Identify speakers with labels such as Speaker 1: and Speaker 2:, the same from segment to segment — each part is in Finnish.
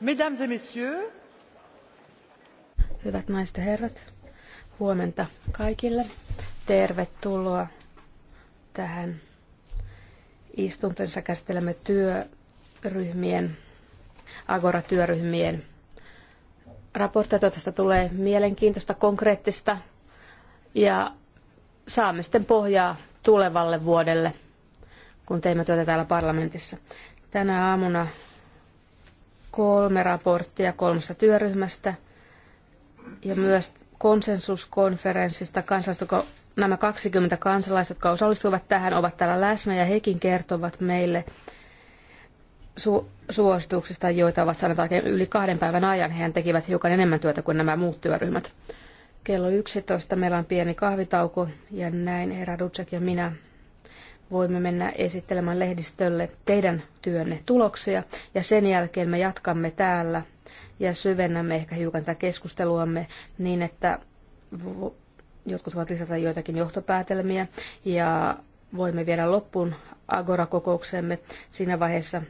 Speaker 1: Mesdames et
Speaker 2: messieurs. Hyvät naiset ja herrat, huomenta kaikille. Tervetuloa tähän istuntoon, jossa käsittelemme työryhmien, Agora-työryhmien raporttia. Tästä tulee mielenkiintoista, konkreettista ja saamme sitten pohjaa tulevalle vuodelle – kun teimme työtä täällä parlamentissa. Tänä aamuna kolme raporttia kolmesta työryhmästä ja myös konsensuskonferenssista kansalaiset, nämä 20 kansalaista, jotka osallistuivat tähän, ovat täällä läsnä ja hekin kertovat meille su- suosituksista, joita ovat saaneet yli kahden päivän ajan. He tekivät hiukan enemmän työtä kuin nämä muut työryhmät. Kello 11 meillä on pieni kahvitauko ja näin herra Dutsek ja minä voimme mennä esittelemään lehdistölle teidän työnne tuloksia ja sen jälkeen me jatkamme täällä ja syvennämme ehkä hiukan tätä keskusteluamme niin, että jotkut voivat lisätä joitakin johtopäätelmiä ja voimme viedä loppuun Agora-kokouksemme siinä vaiheessa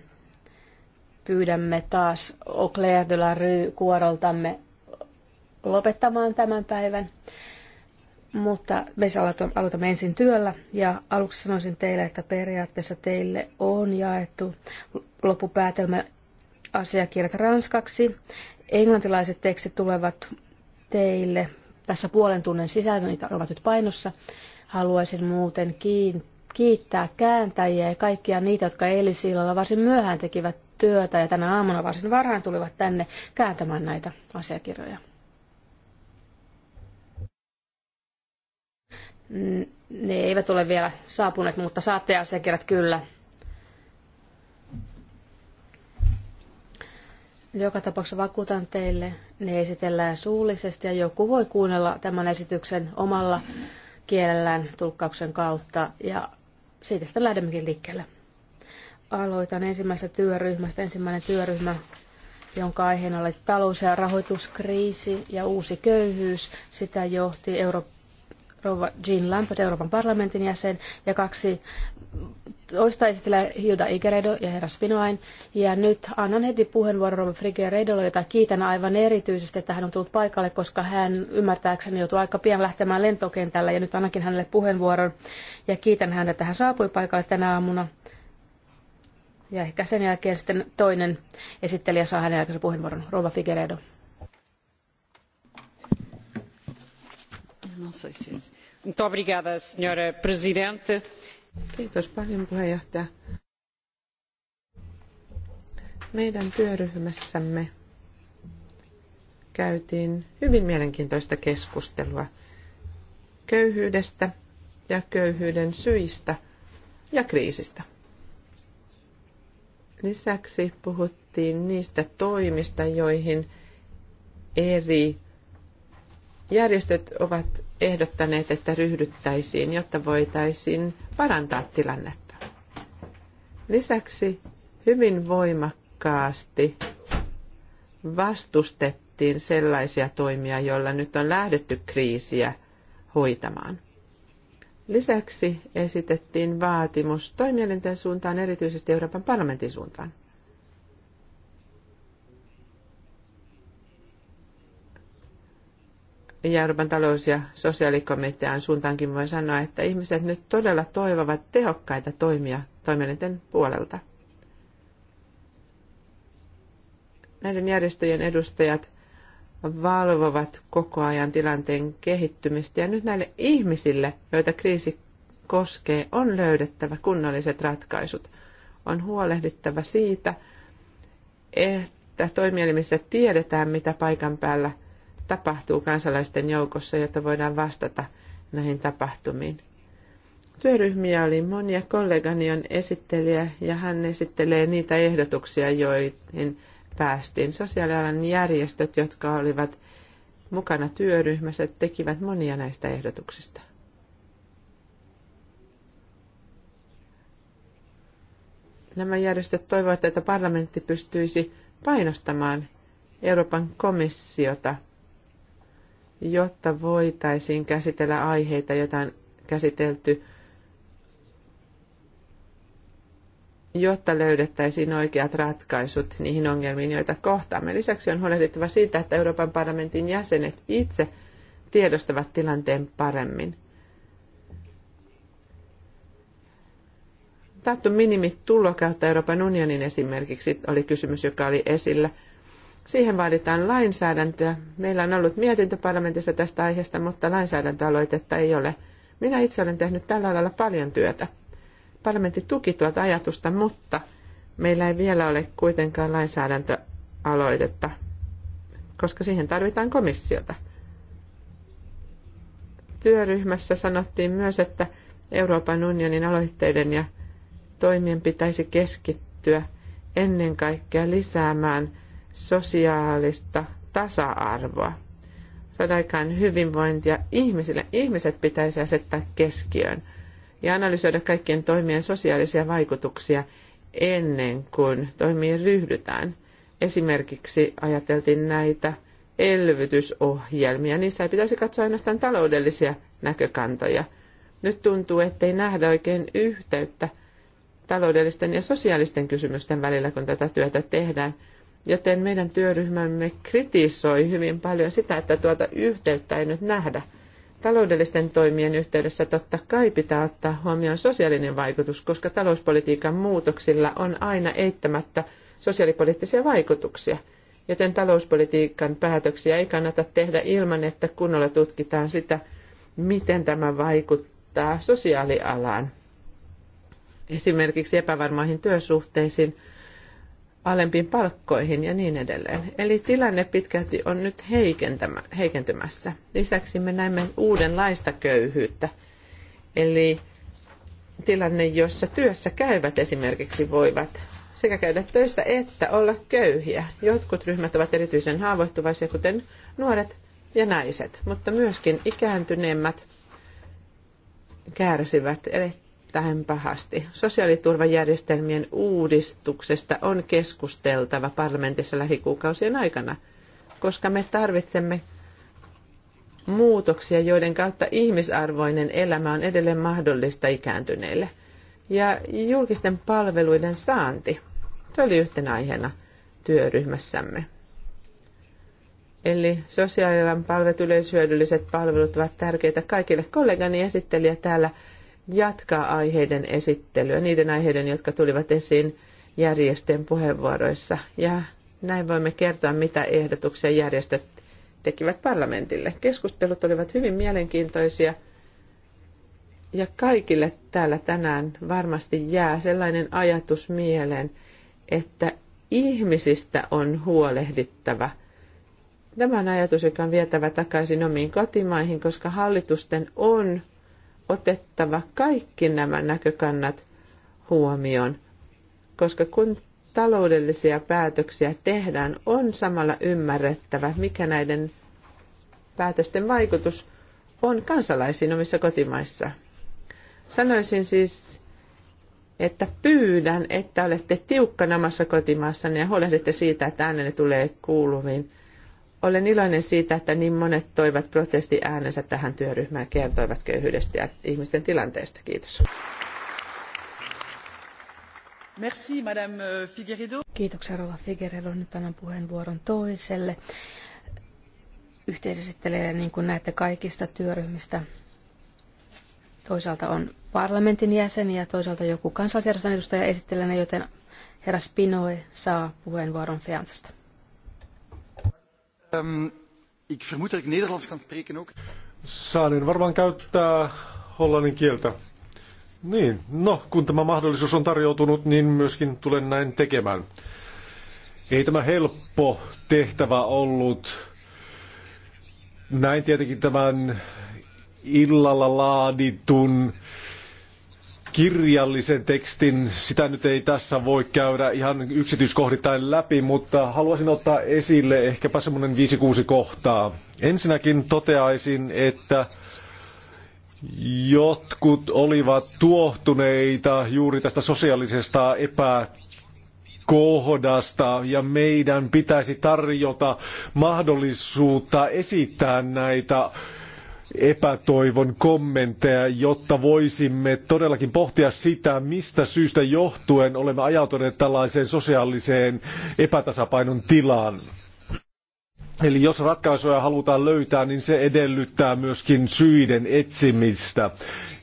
Speaker 2: pyydämme taas Auclair de la Rue kuoroltamme lopettamaan tämän päivän mutta me siis aloitamme ensin työllä ja aluksi sanoisin teille, että periaatteessa teille on jaettu loppupäätelmä asiakirjat ranskaksi. Englantilaiset tekstit tulevat teille tässä puolen tunnin sisällä, niitä ovat nyt painossa. Haluaisin muuten kiittää kääntäjiä ja kaikkia niitä, jotka eilisillalla varsin myöhään tekivät työtä ja tänä aamuna varsin varhain tulivat tänne kääntämään näitä asiakirjoja. Ne eivät ole vielä saapuneet, mutta saatte asiakirjat kyllä. Joka tapauksessa vakuutan teille, ne esitellään suullisesti ja joku voi kuunnella tämän esityksen omalla kielellään tulkkauksen kautta ja siitä sitten lähdemmekin liikkeelle. Aloitan ensimmäisestä työryhmästä. Ensimmäinen työryhmä, jonka aiheena oli talous- ja rahoituskriisi ja uusi köyhyys. Sitä johti Euroopan rouva Jean Lambert, Euroopan parlamentin jäsen, ja kaksi toista esitellä Hilda Igeredo ja herra Spinoain. Ja nyt annan heti puheenvuoron rouva Frigeredolle, jota kiitän aivan erityisesti, että hän on tullut paikalle, koska hän ymmärtääkseni joutuu aika pian lähtemään lentokentällä, ja nyt annankin hänelle puheenvuoron. Ja kiitän häntä, että hän saapui paikalle tänä aamuna. Ja ehkä sen jälkeen sitten toinen esittelijä saa hänen jälkeen puheenvuoron, rouva Figueredo. Não sei
Speaker 3: Meidän työryhmässämme käytiin hyvin mielenkiintoista keskustelua köyhyydestä ja köyhyyden syistä ja kriisistä. Lisäksi puhuttiin niistä toimista, joihin eri Järjestöt ovat ehdottaneet, että ryhdyttäisiin, jotta voitaisiin parantaa tilannetta. Lisäksi hyvin voimakkaasti vastustettiin sellaisia toimia, joilla nyt on lähdetty kriisiä hoitamaan. Lisäksi esitettiin vaatimus toimielinten suuntaan, erityisesti Euroopan parlamentin suuntaan. ja Euroopan talous- ja sosiaalikomitean suuntaankin voi sanoa, että ihmiset nyt todella toivovat tehokkaita toimia toimielinten puolelta. Näiden järjestöjen edustajat valvovat koko ajan tilanteen kehittymistä ja nyt näille ihmisille, joita kriisi koskee, on löydettävä kunnolliset ratkaisut. On huolehdittava siitä, että toimielimissä tiedetään, mitä paikan päällä – tapahtuu kansalaisten joukossa, jotta voidaan vastata näihin tapahtumiin. Työryhmiä oli monia. Kollegani on esittelijä ja hän esittelee niitä ehdotuksia, joihin päästiin. Sosiaalialan järjestöt, jotka olivat mukana työryhmässä, tekivät monia näistä ehdotuksista. Nämä järjestöt toivovat, että parlamentti pystyisi painostamaan Euroopan komissiota – jotta voitaisiin käsitellä aiheita, joita on käsitelty, jotta löydettäisiin oikeat ratkaisut niihin ongelmiin, joita kohtaamme. Lisäksi on huolehdittava siitä, että Euroopan parlamentin jäsenet itse tiedostavat tilanteen paremmin. Taattu minimitulo kautta Euroopan unionin esimerkiksi oli kysymys, joka oli esillä – Siihen vaaditaan lainsäädäntöä. Meillä on ollut mietintö parlamentissa tästä aiheesta, mutta lainsäädäntöaloitetta ei ole. Minä itse olen tehnyt tällä alalla paljon työtä. Parlamentti tuki tuota ajatusta, mutta meillä ei vielä ole kuitenkaan lainsäädäntöaloitetta, koska siihen tarvitaan komissiota. Työryhmässä sanottiin myös, että Euroopan unionin aloitteiden ja toimien pitäisi keskittyä ennen kaikkea lisäämään – sosiaalista tasa-arvoa, saada aikaan hyvinvointia ihmisille. Ihmiset pitäisi asettaa keskiöön ja analysoida kaikkien toimien sosiaalisia vaikutuksia ennen kuin toimiin ryhdytään. Esimerkiksi ajateltiin näitä elvytysohjelmia. Niissä ei pitäisi katsoa ainoastaan taloudellisia näkökantoja. Nyt tuntuu, ettei nähdä oikein yhteyttä taloudellisten ja sosiaalisten kysymysten välillä, kun tätä työtä tehdään – Joten meidän työryhmämme kritisoi hyvin paljon sitä, että tuota yhteyttä ei nyt nähdä. Taloudellisten toimien yhteydessä totta kai pitää ottaa huomioon sosiaalinen vaikutus, koska talouspolitiikan muutoksilla on aina eittämättä sosiaalipoliittisia vaikutuksia. Joten talouspolitiikan päätöksiä ei kannata tehdä ilman, että kunnolla tutkitaan sitä, miten tämä vaikuttaa sosiaalialaan. Esimerkiksi epävarmoihin työsuhteisiin – alempiin palkkoihin ja niin edelleen. Eli tilanne pitkälti on nyt heikentymässä. Lisäksi me näemme uudenlaista köyhyyttä. Eli tilanne, jossa työssä käyvät esimerkiksi voivat sekä käydä töissä että olla köyhiä. Jotkut ryhmät ovat erityisen haavoittuvaisia, kuten nuoret ja naiset, mutta myöskin ikääntyneemmät kärsivät erittäin pahasti. Sosiaaliturvajärjestelmien uudistuksesta on keskusteltava parlamentissa lähikuukausien aikana, koska me tarvitsemme muutoksia, joiden kautta ihmisarvoinen elämä on edelleen mahdollista ikääntyneille. Ja julkisten palveluiden saanti, se oli yhtenä aiheena työryhmässämme. Eli sosiaalialan palvelut, yleishyödylliset palvelut ovat tärkeitä kaikille. Kollegani esittelijä täällä jatkaa aiheiden esittelyä, niiden aiheiden, jotka tulivat esiin järjestöjen puheenvuoroissa. Ja näin voimme kertoa, mitä ehdotuksia järjestöt tekivät parlamentille. Keskustelut olivat hyvin mielenkiintoisia ja kaikille täällä tänään varmasti jää sellainen ajatus mieleen, että ihmisistä on huolehdittava. Tämä on ajatus, joka on vietävä takaisin omiin kotimaihin, koska hallitusten on otettava kaikki nämä näkökannat huomioon, koska kun taloudellisia päätöksiä tehdään, on samalla ymmärrettävä, mikä näiden päätösten vaikutus on kansalaisiin omissa kotimaissa. Sanoisin siis, että pyydän, että olette tiukkana omassa kotimaassanne ja huolehditte siitä, että äänenne tulee kuuluviin olen iloinen siitä, että niin monet toivat protestiäänensä tähän työryhmään, kertoivat köyhyydestä ja ihmisten tilanteesta. Kiitos.
Speaker 2: Merci, Madame
Speaker 1: euh, Figueredo.
Speaker 2: Kiitoksia, Rova Figueredo. Nyt annan puheenvuoron toiselle yhteisesittelijälle, niin kuin näette kaikista työryhmistä. Toisaalta on parlamentin jäseni ja toisaalta joku kansalaisjärjestön edustaja esittelijänä, joten herra Spinoe saa puheenvuoron Feantasta.
Speaker 4: Ehm, ik vermoed dat ik Nederlands kan spreken ook. Saanen niin, varmaan käyttää hollannin kieltä. Niin, no kun tämä mahdollisuus on tarjoutunut, niin myöskin tulen näin tekemään. Ei tämä helppo tehtävä ollut. Näin tietenkin tämän illalla laaditun kirjallisen tekstin. Sitä nyt ei tässä voi käydä ihan yksityiskohdittain läpi, mutta haluaisin ottaa esille ehkäpä semmoinen 5-6 kohtaa. Ensinnäkin toteaisin, että jotkut olivat tuohtuneita juuri tästä sosiaalisesta epäkohdasta ja meidän pitäisi tarjota mahdollisuutta esittää näitä epätoivon kommentteja, jotta voisimme todellakin pohtia sitä, mistä syystä johtuen olemme ajautuneet tällaiseen sosiaaliseen epätasapainon tilaan. Eli jos ratkaisuja halutaan löytää, niin se edellyttää myöskin syiden etsimistä.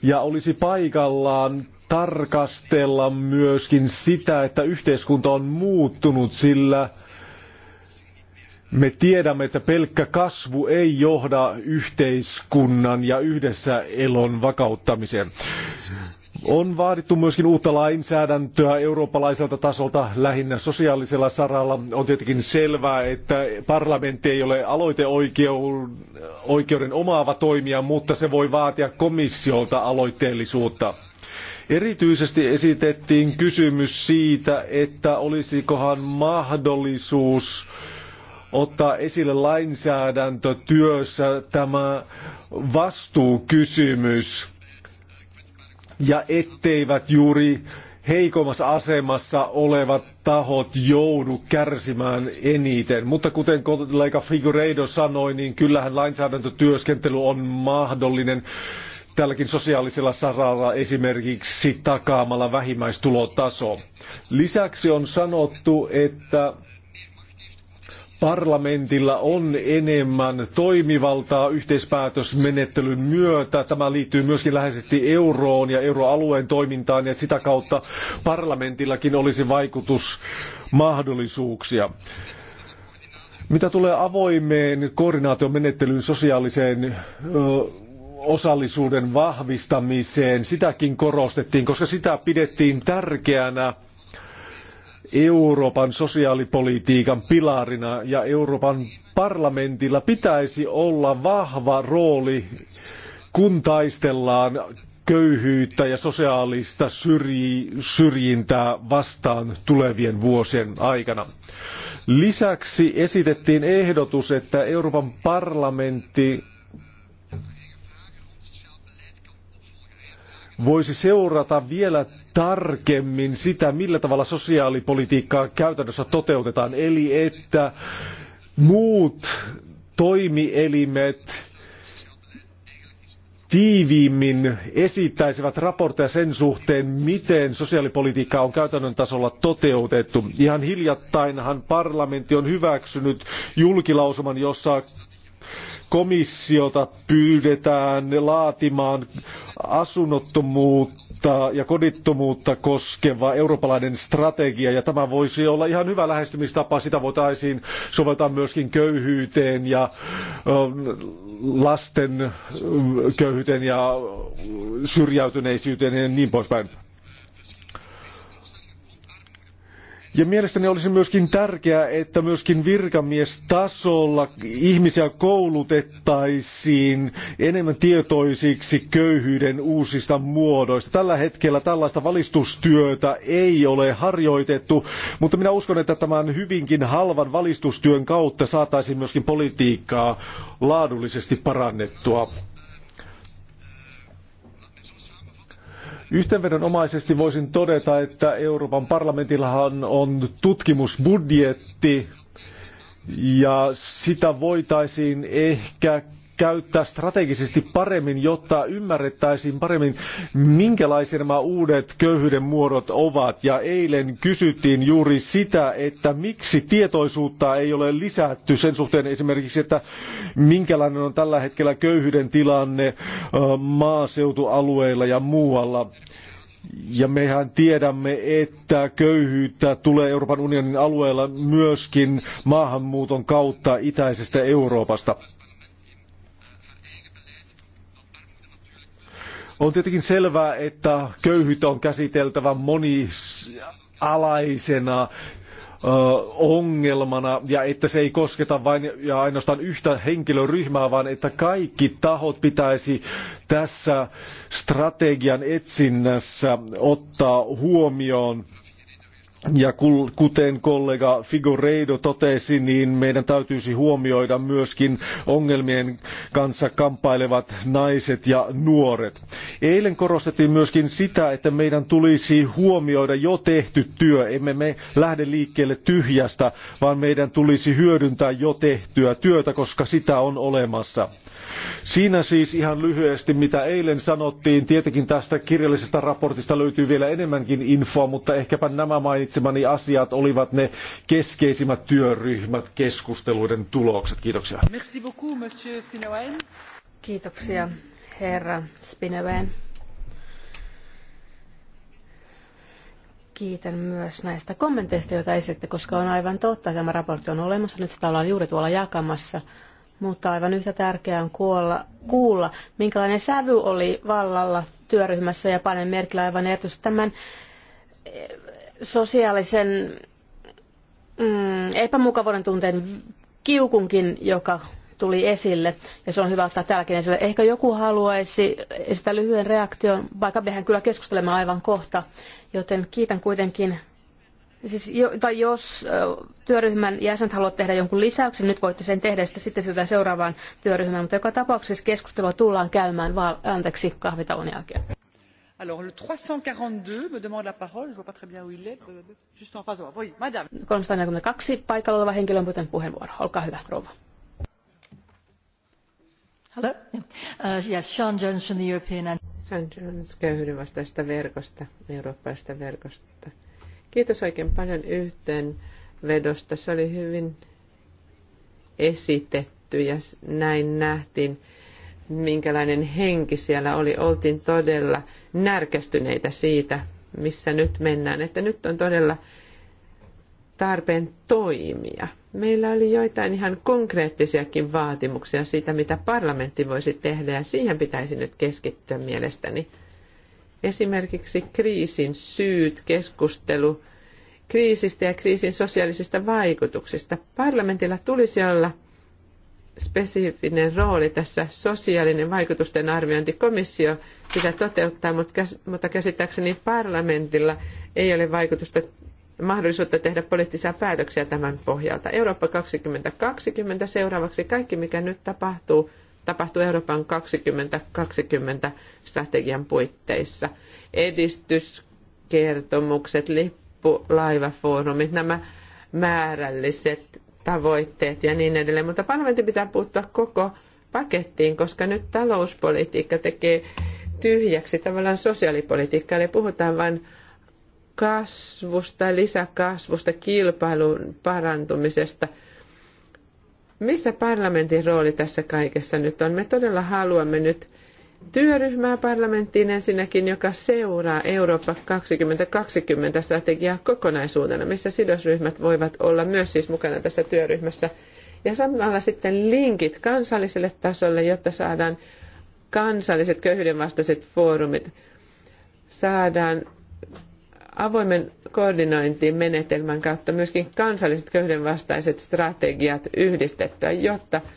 Speaker 4: Ja olisi paikallaan tarkastella myöskin sitä, että yhteiskunta on muuttunut, sillä me tiedämme, että pelkkä kasvu ei johda yhteiskunnan ja yhdessä elon vakauttamiseen. On vaadittu myöskin uutta lainsäädäntöä eurooppalaiselta tasolta lähinnä sosiaalisella saralla. On tietenkin selvää, että parlamentti ei ole aloiteoikeuden omaava toimija, mutta se voi vaatia komissiolta aloitteellisuutta. Erityisesti esitettiin kysymys siitä, että olisikohan mahdollisuus ottaa esille lainsäädäntötyössä tämä vastuukysymys ja etteivät juuri heikommassa asemassa olevat tahot joudu kärsimään eniten. Mutta kuten kollega Figureido sanoi, niin kyllähän lainsäädäntötyöskentely on mahdollinen tälläkin sosiaalisella saralla esimerkiksi takaamalla vähimmäistulotaso. Lisäksi on sanottu, että Parlamentilla on enemmän toimivaltaa yhteispäätösmenettelyn myötä. Tämä liittyy myöskin läheisesti euroon ja euroalueen toimintaan ja sitä kautta parlamentillakin olisi vaikutusmahdollisuuksia. Mitä tulee avoimeen koordinaatiomenettelyyn sosiaaliseen osallisuuden vahvistamiseen, sitäkin korostettiin, koska sitä pidettiin tärkeänä Euroopan sosiaalipolitiikan pilarina ja Euroopan parlamentilla pitäisi olla vahva rooli, kun taistellaan köyhyyttä ja sosiaalista syrjintää vastaan tulevien vuosien aikana. Lisäksi esitettiin ehdotus, että Euroopan parlamentti voisi seurata vielä tarkemmin sitä, millä tavalla sosiaalipolitiikkaa käytännössä toteutetaan. Eli että muut toimielimet tiiviimmin esittäisivät raportteja sen suhteen, miten sosiaalipolitiikkaa on käytännön tasolla toteutettu. Ihan hiljattainhan parlamentti on hyväksynyt julkilausuman, jossa komissiota pyydetään laatimaan asunnottomuutta kodittomuutta ja kodittomuutta koskeva eurooppalainen strategia, ja tämä voisi olla ihan hyvä lähestymistapa. Sitä voitaisiin soveltaa myöskin köyhyyteen ja lasten köyhyyteen ja syrjäytyneisyyteen ja niin poispäin. Ja mielestäni olisi myöskin tärkeää, että myöskin virkamiestasolla ihmisiä koulutettaisiin enemmän tietoisiksi köyhyyden uusista muodoista. Tällä hetkellä tällaista valistustyötä ei ole harjoitettu, mutta minä uskon, että tämän hyvinkin halvan valistustyön kautta saataisiin myöskin politiikkaa laadullisesti parannettua. Yhteenvedonomaisesti voisin todeta, että Euroopan parlamentillahan on tutkimusbudjetti ja sitä voitaisiin ehkä käyttää strategisesti paremmin, jotta ymmärrettäisiin paremmin, minkälaisia nämä uudet köyhyyden muodot ovat. Ja eilen kysyttiin juuri sitä, että miksi tietoisuutta ei ole lisätty sen suhteen esimerkiksi, että minkälainen on tällä hetkellä köyhyyden tilanne maaseutualueilla ja muualla. Ja mehän tiedämme, että köyhyyttä tulee Euroopan unionin alueella myöskin maahanmuuton kautta itäisestä Euroopasta. On tietenkin selvää, että köyhyyttä on käsiteltävä monialaisena ongelmana ja että se ei kosketa vain ja ainoastaan yhtä henkilöryhmää, vaan että kaikki tahot pitäisi tässä strategian etsinnässä ottaa huomioon ja kuten kollega Figureido totesi, niin meidän täytyisi huomioida myöskin ongelmien kanssa kamppailevat naiset ja nuoret. Eilen korostettiin myöskin sitä, että meidän tulisi huomioida jo tehty työ. Emme me lähde liikkeelle tyhjästä, vaan meidän tulisi hyödyntää jo tehtyä työtä, koska sitä on olemassa. Siinä siis ihan lyhyesti, mitä eilen sanottiin. Tietenkin tästä kirjallisesta raportista löytyy vielä enemmänkin infoa, mutta ehkäpä nämä mainitsemani asiat olivat ne keskeisimmät työryhmät keskusteluiden tulokset. Kiitoksia.
Speaker 2: Kiitoksia, herra Spineveen. Kiitän myös näistä kommenteista, joita esitte, koska on aivan totta, että tämä raportti on olemassa. Nyt sitä ollaan juuri tuolla jakamassa mutta aivan yhtä tärkeää on kuolla, kuulla, minkälainen sävy oli vallalla työryhmässä ja panen merkillä aivan erityisesti tämän eh, sosiaalisen mm, epämukavuuden tunteen kiukunkin, joka tuli esille, ja se on hyvä ottaa tälläkin esille. Ehkä joku haluaisi sitä lyhyen reaktion, vaikka mehän kyllä keskustelemme aivan kohta, joten kiitän kuitenkin Siis, jo, tai jos työryhmän jäsenet haluavat tehdä jonkun lisäyksen, nyt voitte sen tehdä, sitä sitten siirrytään seuraavaan työryhmään, mutta joka tapauksessa keskustelua tullaan käymään val- anteeksi kahvitauon jälkeen.
Speaker 1: Alors le 342 me demande la parole, je vois pas très bien où il est, juste en face de moi. Oui, madame.
Speaker 2: 342 paikalla oleva henkilö on pyytänyt puheenvuoro. Olkaa hyvä, rouva.
Speaker 3: Hello. Uh, yes, Sean Jones from the European... Sean Jones köyhyyden vastaista verkosta, eurooppaista verkosta. Kiitos oikein paljon yhteenvedosta. Se oli hyvin esitetty ja näin nähtiin, minkälainen henki siellä oli. Oltiin todella närkästyneitä siitä, missä nyt mennään, että nyt on todella tarpeen toimia. Meillä oli joitain ihan konkreettisiakin vaatimuksia siitä, mitä parlamentti voisi tehdä, ja siihen pitäisi nyt keskittyä mielestäni. Esimerkiksi kriisin syyt, keskustelu kriisistä ja kriisin sosiaalisista vaikutuksista. Parlamentilla tulisi olla spesifinen rooli tässä sosiaalinen vaikutusten arviointi. Komissio sitä toteuttaa, mutta käsittääkseni parlamentilla ei ole vaikutusta mahdollisuutta tehdä poliittisia päätöksiä tämän pohjalta. Eurooppa 2020 seuraavaksi kaikki, mikä nyt tapahtuu, tapahtuu Euroopan 2020 strategian puitteissa. Edistyskertomukset, lippu huippulaivafoorumit, nämä määrälliset tavoitteet ja niin edelleen. Mutta parlamentti pitää puuttua koko pakettiin, koska nyt talouspolitiikka tekee tyhjäksi tavallaan sosiaalipolitiikkaa. Eli puhutaan vain kasvusta, lisäkasvusta, kilpailun parantumisesta. Missä parlamentin rooli tässä kaikessa nyt on? Me todella haluamme nyt työryhmää parlamenttiin ensinnäkin, joka seuraa Eurooppa 2020 strategiaa kokonaisuutena, missä sidosryhmät voivat olla myös siis mukana tässä työryhmässä. Ja samalla sitten linkit kansalliselle tasolle, jotta saadaan kansalliset köyhyydenvastaiset foorumit, saadaan avoimen koordinointimenetelmän kautta myöskin kansalliset köyhyydenvastaiset strategiat yhdistettyä, jotta –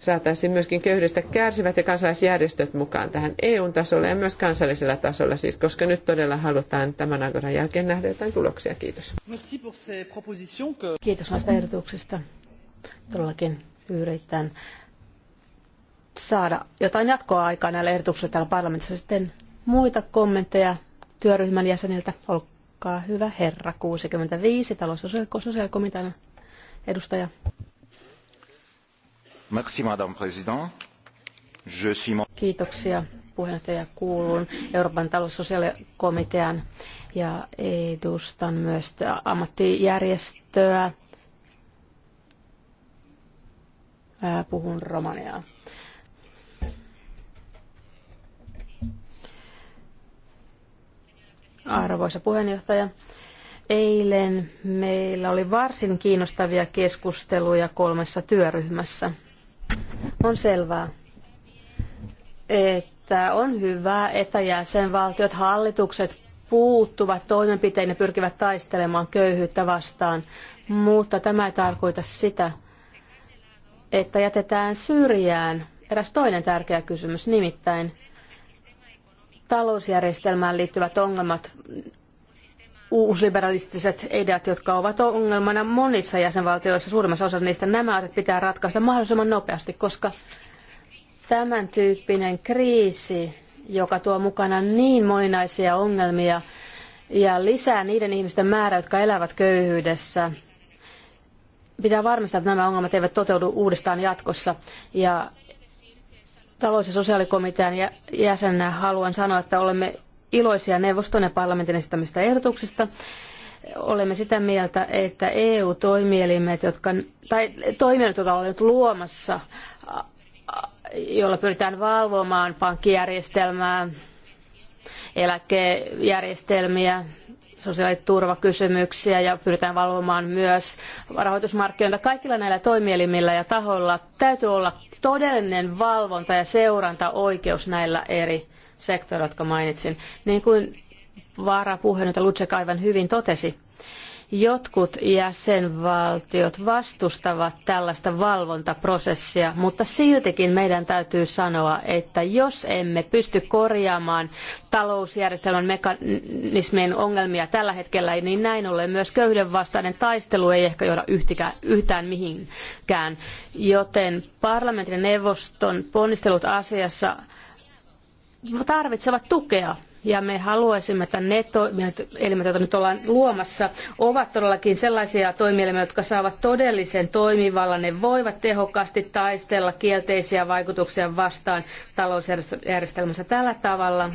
Speaker 3: saataisiin myöskin köyhyydestä kärsivät ja kansalaisjärjestöt mukaan tähän EU-tasolla ja myös kansallisella tasolla, siis koska nyt todella halutaan tämän agoran jälkeen nähdä jotain tuloksia. Kiitos.
Speaker 2: Kiitos näistä ehdotuksista. Todellakin yritän saada jotain jatkoa aikaa näille ehdotuksille täällä parlamentissa. Sitten muita kommentteja työryhmän jäseniltä. Olkaa hyvä, herra 65, talous- ja sosiaalikomitean edustaja. Madame Kiitoksia puheenjohtaja kuulun Euroopan taloussosiaalikomitean ja edustan myös ammattijärjestöä. Puhun romaniaa. Arvoisa puheenjohtaja, eilen meillä oli varsin kiinnostavia keskusteluja kolmessa työryhmässä – on selvää, että on hyvä, että jäsenvaltiot, hallitukset puuttuvat toimenpitein ja pyrkivät taistelemaan köyhyyttä vastaan, mutta tämä ei tarkoita sitä, että jätetään syrjään eräs toinen tärkeä kysymys, nimittäin talousjärjestelmään liittyvät ongelmat uusliberalistiset ideat, jotka ovat ongelmana monissa jäsenvaltioissa, suurimmassa osassa niistä nämä asiat pitää ratkaista mahdollisimman nopeasti, koska tämän tyyppinen kriisi, joka tuo mukana niin moninaisia ongelmia ja lisää niiden ihmisten määrää, jotka elävät köyhyydessä, pitää varmistaa, että nämä ongelmat eivät toteudu uudestaan jatkossa. Ja talous- ja sosiaalikomitean jäsenenä haluan sanoa, että olemme iloisia neuvoston ja parlamentin esittämistä ehdotuksista. Olemme sitä mieltä, että EU-toimielimet, jotka, tai toimijat, joita olemme nyt luomassa, joilla pyritään valvomaan pankkijärjestelmää, eläkejärjestelmiä, sosiaaliturvakysymyksiä ja pyritään valvomaan myös rahoitusmarkkinoita. Kaikilla näillä toimielimillä ja tahoilla täytyy olla todellinen valvonta ja seurantaoikeus näillä eri sektorit, jotka mainitsin. Niin kuin varapuheenjohtaja Lutsek aivan hyvin totesi, jotkut jäsenvaltiot vastustavat tällaista valvontaprosessia, mutta siltikin meidän täytyy sanoa, että jos emme pysty korjaamaan talousjärjestelmän mekanismien ongelmia tällä hetkellä, niin näin ollen myös köyhyyden vastainen taistelu ei ehkä johda yhtään mihinkään. Joten parlamentin ja neuvoston ponnistelut asiassa tarvitsevat tukea ja me haluaisimme, että ne toimielimet, joita nyt ollaan luomassa, ovat todellakin sellaisia toimielimiä, jotka saavat todellisen toimivallan. Ne voivat tehokkaasti taistella kielteisiä vaikutuksia vastaan talousjärjestelmässä tällä tavalla.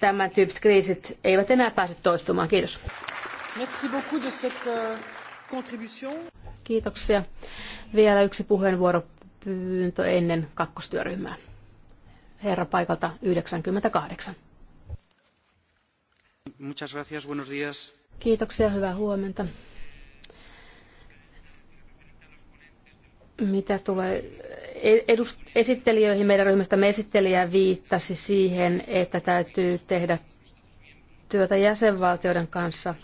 Speaker 2: Tämän tyyppiset kriisit eivät enää pääse toistumaan. Kiitos.
Speaker 1: Euh,
Speaker 2: Kiitoksia. Vielä yksi puheenvuoropyyntö ennen kakkostyöryhmää herra paikalta 98.
Speaker 1: Muchas gracias, buenos días.
Speaker 2: Kiitoksia, hyvää huomenta. Mitä tulee e- edust- esittelijöihin meidän ryhmästämme, esittelijä viittasi siihen, että täytyy tehdä työtä jäsenvaltioiden kanssa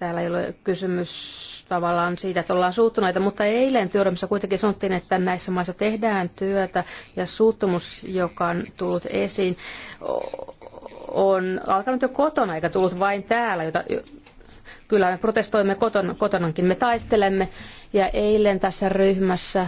Speaker 2: Täällä ei ole kysymys tavallaan siitä, että ollaan suuttuneita, mutta eilen työryhmässä kuitenkin sanottiin, että näissä maissa tehdään työtä ja suuttumus, joka on tullut esiin, on alkanut jo kotona eikä tullut vain täällä, jota, kyllä me protestoimme koton, kotonankin, me taistelemme. Ja eilen tässä ryhmässä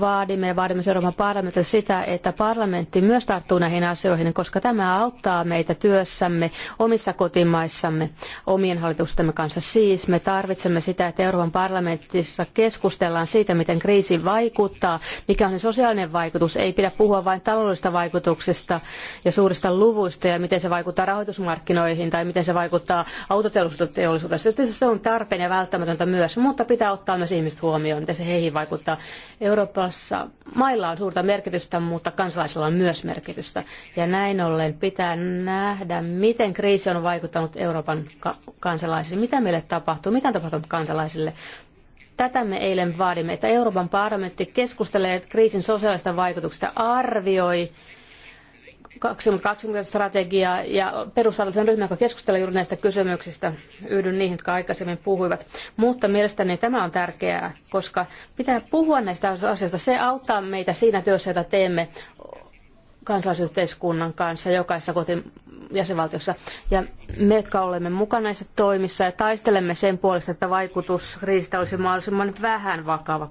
Speaker 2: vaadimme ja vaadimme Euroopan parlamentilta sitä, että parlamentti myös tarttuu näihin asioihin, koska tämä auttaa meitä työssämme omissa kotimaissamme omien hallitustemme kanssa. Siis me tarvitsemme sitä, että Euroopan parlamentissa keskustellaan siitä, miten kriisi vaikuttaa, mikä on se sosiaalinen vaikutus. Ei pidä puhua vain taloudellisista vaikutuksista ja suurista luvuista ja miten se vaikuttaa rahoitusmarkkinoihin tai miten se vaikuttaa autoteollisuuteen. Tietysti se on tarpeen ja välttämätöntä myös, mutta pitää ottaa myös ihmiset huomioon, miten se heihin vaikuttaa. Euro- Euroopassa mailla on suurta merkitystä, mutta kansalaisilla on myös merkitystä. Ja näin ollen pitää nähdä, miten kriisi on vaikuttanut Euroopan kansalaisiin, mitä meille tapahtuu, mitä on tapahtunut kansalaisille. Tätä me eilen vaadimme, että Euroopan parlamentti keskustelee kriisin sosiaalista vaikutuksista, arvioi kaksikymmentä strategiaa ja perusarvoisen ryhmän, joka keskustelee juuri näistä kysymyksistä. Yhdyn niihin, jotka aikaisemmin puhuivat. Mutta mielestäni tämä on tärkeää, koska pitää puhua näistä asioista. Se auttaa meitä siinä työssä, jota teemme kansalaisyhteiskunnan kanssa jokaisessa kotin jäsenvaltiossa. Ja me, jotka olemme mukana näissä toimissa ja taistelemme sen puolesta, että vaikutus kriisistä olisi mahdollisimman vähän vakava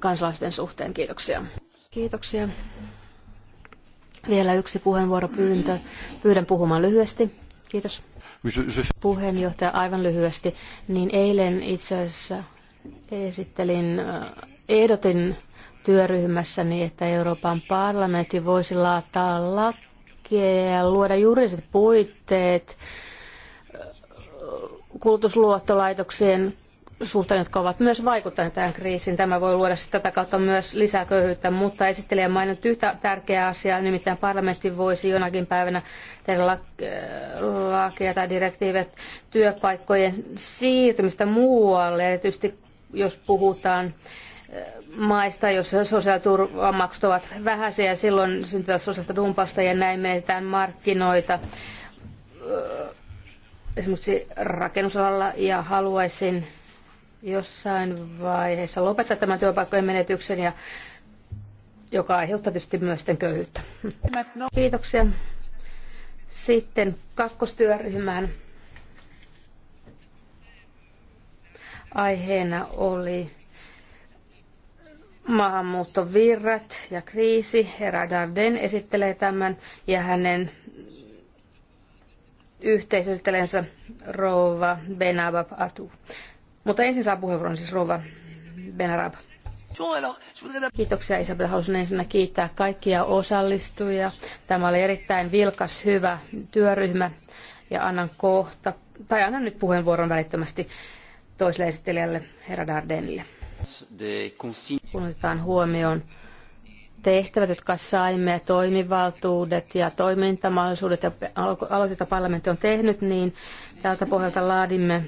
Speaker 2: kansalaisten suhteen. Kiitoksia. Kiitoksia. Vielä yksi puheenvuoropyyntö. Pyydän puhumaan lyhyesti. Kiitos. Puheenjohtaja, aivan lyhyesti. Niin eilen itse asiassa esittelin, äh, ehdotin työryhmässäni, että Euroopan parlamentti voisi laataa lakia ja luoda juridiset puitteet äh, kulutusluottolaitoksien suhteen, jotka ovat myös vaikuttaneet tähän kriisiin. Tämä voi luoda siis tätä kautta myös lisää köyhyyttä, mutta esittelijä mainit yhtä tärkeää asiaa, nimittäin parlamentti voisi jonakin päivänä tehdä lakia äh, tai direktiivet työpaikkojen siirtymistä muualle, erityisesti jos puhutaan äh, maista, joissa sosiaaliturvamaksut ovat vähäisiä ja silloin syntyy sosiaalista dumpausta ja näin menetään markkinoita äh, esimerkiksi rakennusalalla ja haluaisin jossain vaiheessa lopettaa tämän työpaikkojen menetyksen, ja, joka aiheuttaa tietysti myös sitten köyhyyttä. Kiitoksia. Sitten kakkostyöryhmään. Aiheena oli maahanmuuttovirrat ja kriisi. Herra Darden esittelee tämän ja hänen yhteisesittelensä rouva Benabab Atu. Mutta ensin saa puheenvuoron siis Rova Benarab. Kiitoksia Isabel. Haluaisin ensinnä kiittää kaikkia osallistujia. Tämä oli erittäin vilkas, hyvä työryhmä ja annan kohta, tai annan nyt puheenvuoron välittömästi toiselle esittelijälle, herra Dardenille. Kun otetaan huomioon tehtävät, jotka saimme, toimivaltuudet ja toimintamahdollisuudet ja aloitetta parlamentti on tehnyt, niin tältä pohjalta laadimme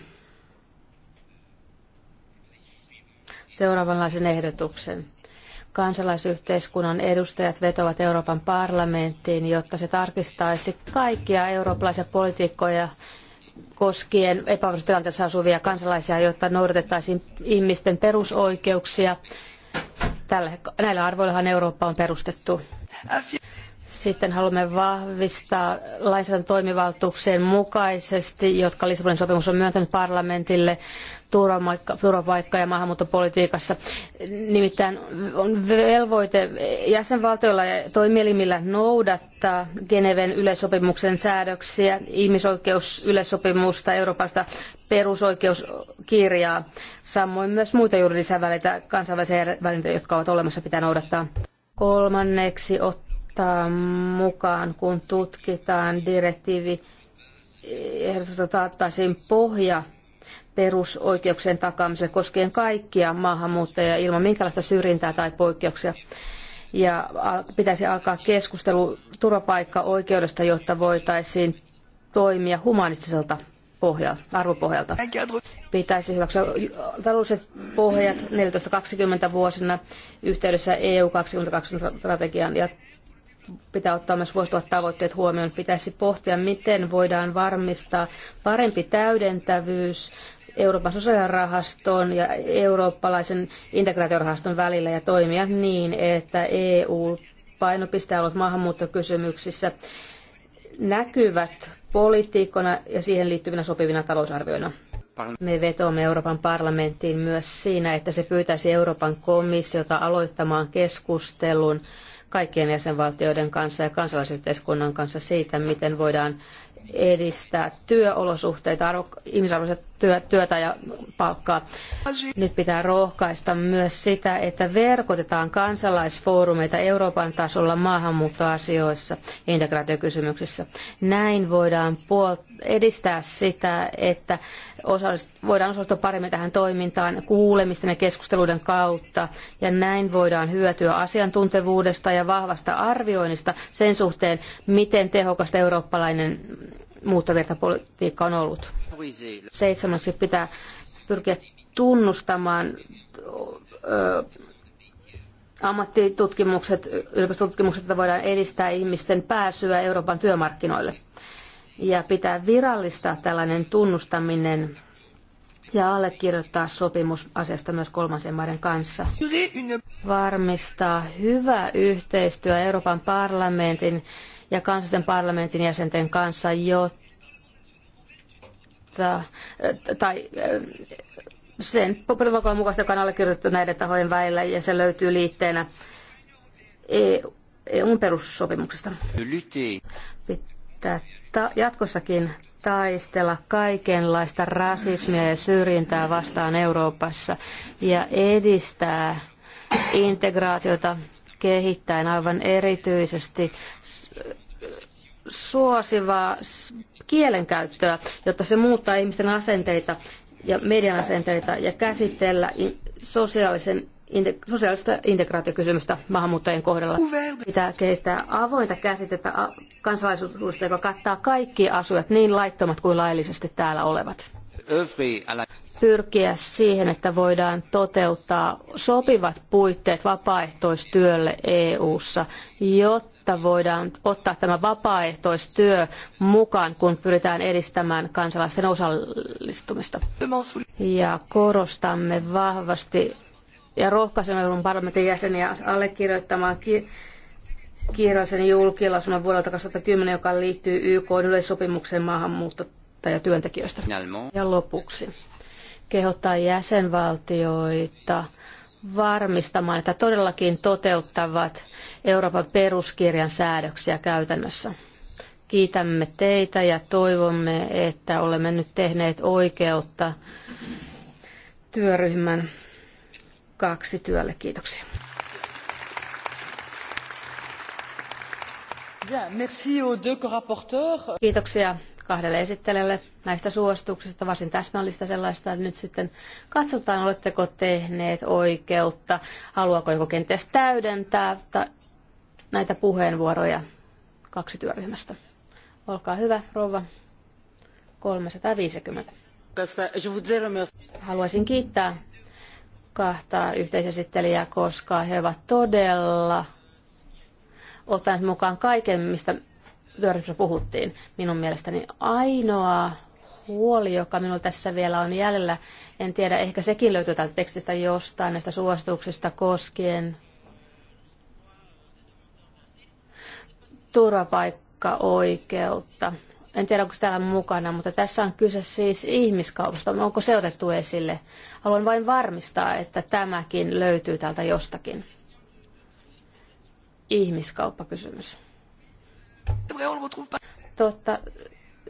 Speaker 2: seuraavanlaisen ehdotuksen. Kansalaisyhteiskunnan edustajat vetovat Euroopan parlamenttiin, jotta se tarkistaisi kaikkia eurooppalaisia politiikkoja koskien epävarmuustilanteessa asuvia kansalaisia, jotta noudatettaisiin ihmisten perusoikeuksia. Tällä, näillä arvoillahan Eurooppa on perustettu. Sitten haluamme vahvistaa lainsäädännön toimivaltuuksien mukaisesti, jotka Lissabonin sopimus on myöntänyt parlamentille turvapaikka- ja maahanmuuttopolitiikassa. Nimittäin on velvoite jäsenvaltioilla ja toimielimillä noudattaa Geneven yleissopimuksen säädöksiä, ihmisoikeusyleissopimusta, Euroopasta perusoikeuskirjaa, samoin myös muita juridisia välitä, kansainvälisiä välineitä, jotka ovat olemassa, pitää noudattaa. Kolmanneksi ottaa ottaa mukaan, kun tutkitaan direktiivi ehdotusta taattaisiin pohja perusoikeuksien takaamiselle koskien kaikkia maahanmuuttajia ilman minkälaista syrjintää tai poikkeuksia. Ja pitäisi alkaa keskustelu turvapaikka-oikeudesta, jotta voitaisiin toimia humanistiselta pohjalta, arvopohjalta. Pitäisi hyväksyä taloudelliset pohjat 14-20 vuosina yhteydessä EU 2020 strategian ja pitää ottaa myös vuosituhat tavoitteet huomioon. Pitäisi pohtia, miten voidaan varmistaa parempi täydentävyys Euroopan sosiaalirahaston ja eurooppalaisen integraatiorahaston välillä ja toimia niin, että EU-painopistealueet maahanmuuttokysymyksissä näkyvät politiikkona ja siihen liittyvinä sopivina talousarvioina. Me vetoamme Euroopan parlamenttiin myös siinä, että se pyytäisi Euroopan komissiota aloittamaan keskustelun kaikkien jäsenvaltioiden kanssa ja kansalaisyhteiskunnan kanssa siitä, miten voidaan edistää työolosuhteita, ihmisarvoiset työtä ja palkkaa. Nyt pitää rohkaista myös sitä, että verkotetaan kansalaisfoorumeita Euroopan tasolla maahanmuuttoasioissa, integraatiokysymyksissä. Näin voidaan edistää sitä, että osallist- voidaan osallistua paremmin tähän toimintaan kuulemisten ja keskusteluiden kautta, ja näin voidaan hyötyä asiantuntevuudesta ja vahvasta arvioinnista sen suhteen, miten tehokasta eurooppalainen muuttovirtapolitiikka on ollut. Seitsemänksi pitää pyrkiä tunnustamaan ö, ammattitutkimukset, yliopistotutkimukset, että voidaan edistää ihmisten pääsyä Euroopan työmarkkinoille. Ja pitää virallistaa tällainen tunnustaminen ja allekirjoittaa sopimus asiasta myös kolmansien maiden kanssa. Varmistaa hyvä yhteistyö Euroopan parlamentin ja kansallisten parlamentin jäsenten kanssa, jotta eh, tai eh, sen protokollan mukaista, joka on allekirjoitettu näiden tahojen välillä ja se löytyy liitteenä EUn e perussopimuksesta. Pitää jatkossakin taistella kaikenlaista rasismia ja syrjintää vastaan Euroopassa ja edistää integraatiota kehittäen aivan erityisesti suosivaa kielenkäyttöä, jotta se muuttaa ihmisten asenteita ja median asenteita ja käsitellä sosiaalisen sosiaalista integraatiokysymystä maahanmuuttajien kohdalla. Pitää kehittää avointa käsitettä kansalaisuudesta, joka kattaa kaikki asujat, niin laittomat kuin laillisesti täällä olevat. Pyrkiä siihen, että voidaan toteuttaa sopivat puitteet vapaaehtoistyölle EU-ssa, jotta jotta voidaan ottaa tämä vapaaehtoistyö mukaan, kun pyritään edistämään kansalaisten osallistumista. Ja korostamme vahvasti ja rohkaisemme Euroopan parlamentin jäseniä allekirjoittamaan ki- kirjallisen julkilausunnon vuodelta 2010, joka liittyy YK yleissopimukseen maahanmuuttajatyöntekijöistä. Ja lopuksi kehottaa jäsenvaltioita varmistamaan, että todellakin toteuttavat Euroopan peruskirjan säädöksiä käytännössä. Kiitämme teitä ja toivomme, että olemme nyt tehneet oikeutta työryhmän kaksi työlle. Kiitoksia. Kiitoksia kahdelle esittelijälle näistä suosituksista, varsin täsmällistä sellaista. Nyt sitten katsotaan, oletteko tehneet oikeutta, haluaako joku kenties täydentää näitä puheenvuoroja kaksi työryhmästä. Olkaa hyvä, rouva 350. Haluaisin kiittää kahta yhteisesittelijää, koska he ovat todella ottaneet mukaan kaiken, mistä työryhmässä puhuttiin. Minun mielestäni ainoa huoli, joka minulla tässä vielä on jäljellä, en tiedä, ehkä sekin löytyy täältä tekstistä jostain näistä suosituksista koskien turvapaikkaoikeutta. En tiedä, onko täällä mukana, mutta tässä on kyse siis ihmiskaupasta. Onko se otettu esille? Haluan vain varmistaa, että tämäkin löytyy täältä jostakin. Ihmiskauppakysymys. Totta,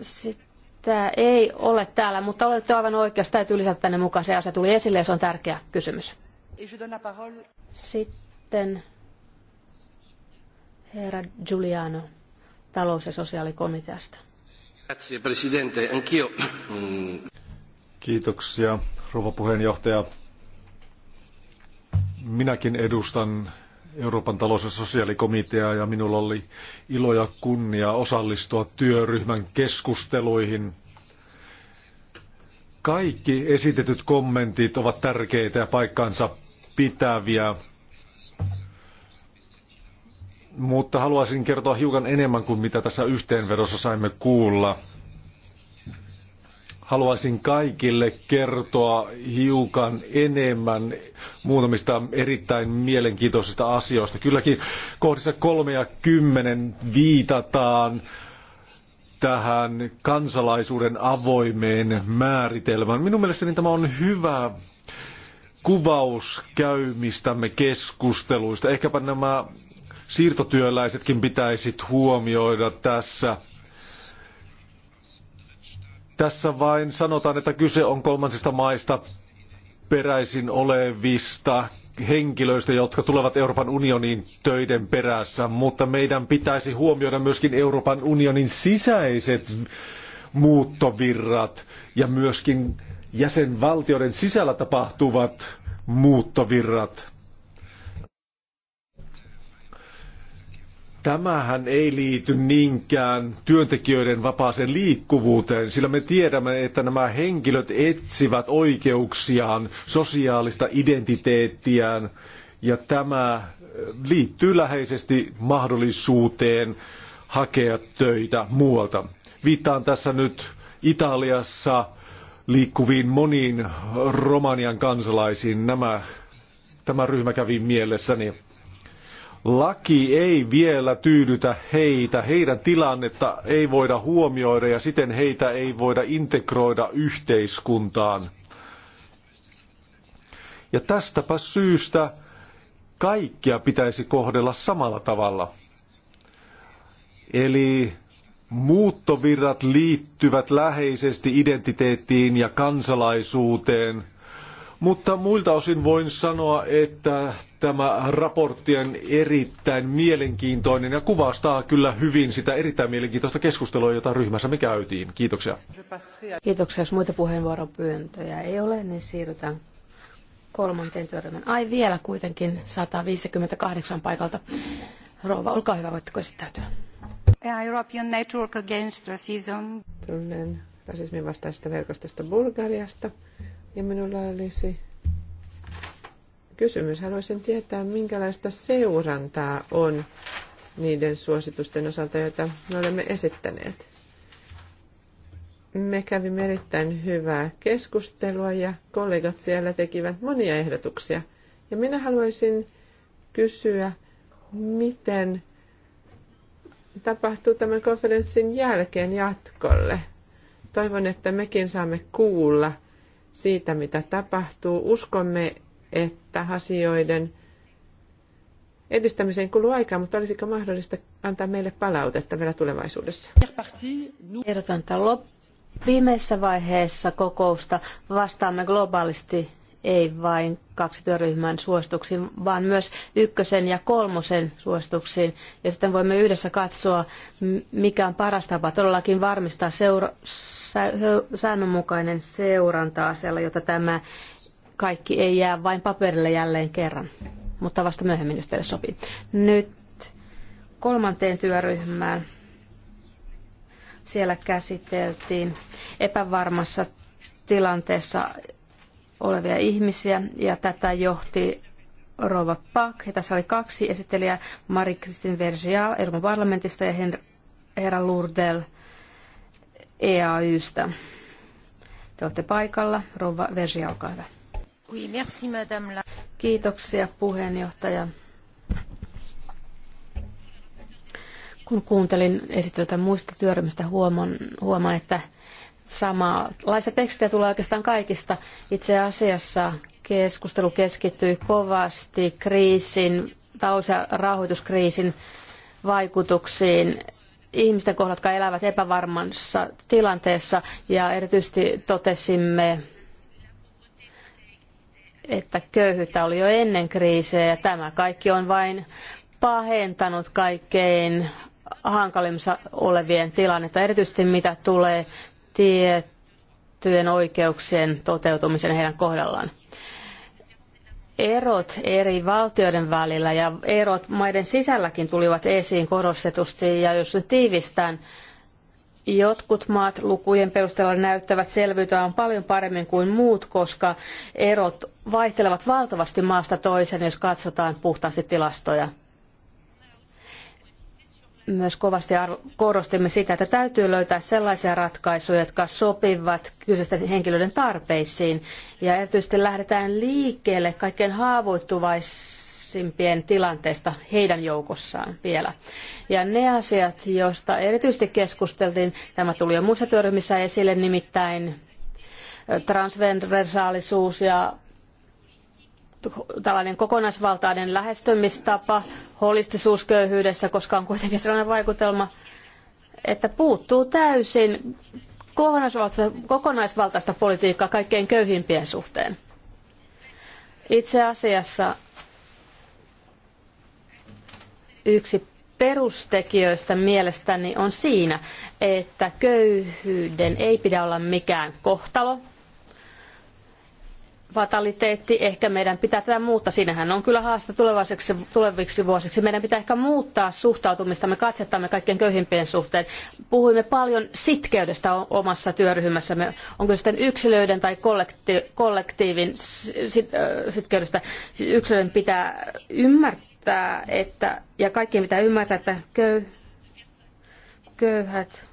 Speaker 2: sitä ei ole täällä, mutta olette aivan oikeassa. Täytyy lisätä tänne mukaan. Se asia tuli esille ja se on tärkeä kysymys. Sitten herra Giuliano talous- ja sosiaalikomiteasta.
Speaker 3: Mm,
Speaker 4: Kiitoksia, rouva puheenjohtaja. Minäkin edustan Euroopan talous- ja sosiaalikomitea ja minulla oli ilo ja kunnia osallistua työryhmän keskusteluihin. Kaikki esitetyt kommentit ovat tärkeitä ja paikkaansa pitäviä, mutta haluaisin kertoa hiukan enemmän kuin mitä tässä yhteenvedossa saimme kuulla haluaisin kaikille kertoa hiukan enemmän muutamista erittäin mielenkiintoisista asioista. Kylläkin kohdissa 3 ja 10 viitataan tähän kansalaisuuden avoimeen määritelmään. Minun mielestäni tämä on hyvä kuvaus käymistämme keskusteluista. Ehkäpä nämä siirtotyöläisetkin pitäisi huomioida tässä – tässä vain sanotaan, että kyse on kolmansista maista peräisin olevista henkilöistä, jotka tulevat Euroopan unionin töiden perässä, mutta meidän pitäisi huomioida myöskin Euroopan unionin sisäiset muuttovirrat ja myöskin jäsenvaltioiden sisällä tapahtuvat muuttovirrat. Tämähän ei liity niinkään työntekijöiden vapaaseen liikkuvuuteen, sillä me tiedämme, että nämä henkilöt etsivät oikeuksiaan, sosiaalista identiteettiään, ja tämä äh, liittyy läheisesti mahdollisuuteen hakea töitä muualta. Viittaan tässä nyt Italiassa liikkuviin moniin Romanian kansalaisiin. Nämä, tämä ryhmä kävi mielessäni laki ei vielä tyydytä heitä, heidän tilannetta ei voida huomioida ja siten heitä ei voida integroida yhteiskuntaan. Ja tästäpä syystä kaikkia pitäisi kohdella samalla tavalla. Eli muuttovirrat liittyvät läheisesti identiteettiin ja kansalaisuuteen – mutta muilta osin voin sanoa, että tämä raportti on erittäin mielenkiintoinen ja kuvastaa kyllä hyvin sitä erittäin mielenkiintoista keskustelua, jota ryhmässämme käytiin. Kiitoksia.
Speaker 2: Kiitoksia. Jos muita puheenvuoropyyntöjä ei ole, niin siirrytään kolmanteen työryhmän. Ai vielä kuitenkin 158 paikalta. Rouva, olkaa hyvä, voitteko esittäytyä?
Speaker 3: European Network Against Racism. Tunnen rasismin vastaisesta verkostosta Bulgariasta. Ja minulla olisi kysymys. Haluaisin tietää, minkälaista seurantaa on niiden suositusten osalta, joita me olemme esittäneet. Me kävimme erittäin hyvää keskustelua ja kollegat siellä tekivät monia ehdotuksia. Ja minä haluaisin kysyä, miten tapahtuu tämän konferenssin jälkeen jatkolle. Toivon, että mekin saamme kuulla – siitä, mitä tapahtuu. Uskomme, että asioiden edistämiseen kuluu aikaa, mutta olisiko mahdollista antaa meille palautetta vielä tulevaisuudessa? Ehdotan, että viimeisessä
Speaker 2: vaiheessa kokousta vastaamme globaalisti ei vain kaksi työryhmän suosituksiin, vaan myös ykkösen ja kolmosen suosituksiin. Ja sitten voimme yhdessä katsoa, mikä on paras tapa todellakin varmistaa seura- säännönmukainen seuranta asialla, jotta tämä kaikki ei jää vain paperille jälleen kerran. Mutta vasta myöhemmin, jos teille sopii. Nyt kolmanteen työryhmään. Siellä käsiteltiin epävarmassa tilanteessa olevia ihmisiä ja tätä johti Rova Pak. Ja tässä oli kaksi esittelijää, marie kristin Vergia Euroopan parlamentista ja herra Lourdel EAYstä. Te olette paikalla. Rova Vergia, olkaa hyvä. Oui, merci, madame la... Kiitoksia puheenjohtaja. Kun kuuntelin esittelytä muista työryhmistä, huomaan, huomaan että samanlaisia tekstiä tulee oikeastaan kaikista. Itse asiassa keskustelu keskittyi kovasti kriisin, talous- ja rahoituskriisin vaikutuksiin ihmisten kohdalla, jotka elävät epävarmassa tilanteessa. Ja erityisesti totesimme, että köyhyyttä oli jo ennen kriisiä ja tämä kaikki on vain pahentanut kaikkein hankalimmassa olevien tilannetta, erityisesti mitä tulee tiettyjen oikeuksien toteutumisen heidän kohdallaan. Erot eri valtioiden välillä ja erot maiden sisälläkin tulivat esiin korostetusti ja jos nyt tiivistään, jotkut maat lukujen perusteella näyttävät selviytyvän paljon paremmin kuin muut, koska erot vaihtelevat valtavasti maasta toiseen, jos katsotaan puhtaasti tilastoja myös kovasti korostimme sitä, että täytyy löytää sellaisia ratkaisuja, jotka sopivat kyseisten henkilöiden tarpeisiin. Ja erityisesti lähdetään liikkeelle kaikkein haavoittuvaisimpien tilanteesta heidän joukossaan vielä. Ja ne asiat, joista erityisesti keskusteltiin, tämä tuli jo muissa työryhmissä esille, nimittäin transversaalisuus ja tällainen kokonaisvaltainen lähestymistapa holistisuus köyhyydessä, koska on kuitenkin sellainen vaikutelma, että puuttuu täysin kokonaisvaltaista, kokonaisvaltaista politiikkaa kaikkein köyhimpien suhteen. Itse asiassa yksi perustekijöistä mielestäni on siinä, että köyhyyden ei pidä olla mikään kohtalo, fataliteetti, ehkä meidän pitää tätä muuttaa. Siinähän on kyllä haaste tuleviksi vuosiksi. Meidän pitää ehkä muuttaa suhtautumistamme, katsettamme kaikkien köyhimpien suhteen. Puhuimme paljon sitkeydestä omassa työryhmässämme. Onko sitten yksilöiden tai kollekti, kollektiivin sitkeydestä? Yksilöiden pitää ymmärtää, että, ja kaikkien pitää ymmärtää, että köy, köyhät,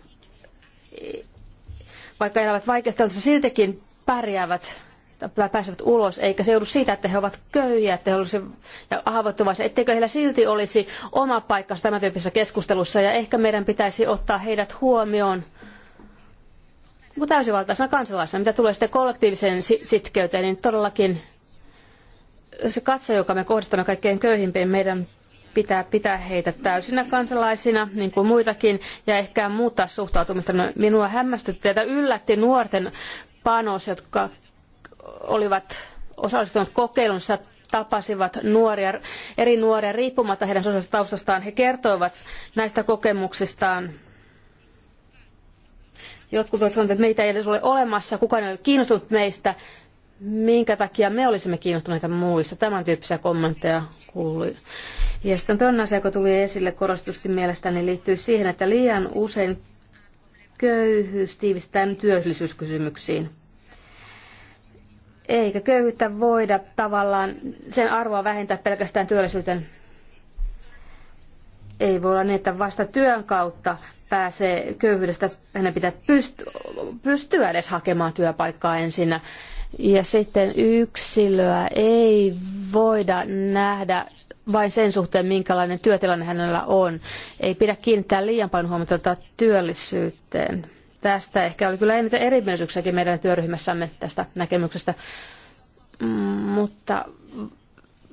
Speaker 2: vaikka elävät vaikeasti, siltikin pärjäävät pääsevät ulos, eikä se joudu siitä, että he ovat köyhiä, että he olisivat ja haavoittuvaisia, etteikö heillä silti olisi oma paikkansa tämän tyyppisessä keskustelussa, ja ehkä meidän pitäisi ottaa heidät huomioon niin täysivaltaisena kansalaisena. Mitä tulee sitten kollektiiviseen sitkeyteen, niin todellakin se katse, joka me kohdistamme kaikkein köyhimpiin, meidän pitää pitää heitä täysinä kansalaisina, niin kuin muitakin, ja ehkä muuttaa suhtautumista. No, minua hämmästytti, että yllätti nuorten panos, jotka olivat osallistuneet kokeilunsa tapasivat nuoria, eri nuoria riippumatta heidän sosiaalisesta taustastaan. He kertoivat näistä kokemuksistaan. Jotkut ovat sanoneet, että meitä ei edes ole olemassa, kukaan ei ole kiinnostunut meistä. Minkä takia me olisimme kiinnostuneita muista? Tämän tyyppisiä kommentteja kuului. Ja sitten toinen asia, joka tuli esille korostetusti mielestäni, liittyy siihen, että liian usein köyhyys tiivistetään työllisyyskysymyksiin eikä köyhyyttä voida tavallaan sen arvoa vähentää pelkästään työllisyyteen. Ei voi olla niin, että vasta työn kautta pääsee köyhyydestä. Hänen pitää pystyä edes hakemaan työpaikkaa ensin. Ja sitten yksilöä ei voida nähdä vain sen suhteen, minkälainen työtilanne hänellä on. Ei pidä kiinnittää liian paljon huomiota työllisyyteen. Tästä ehkä oli kyllä eniten erimielisyyksiäkin meidän työryhmässämme tästä näkemyksestä. Mm, mutta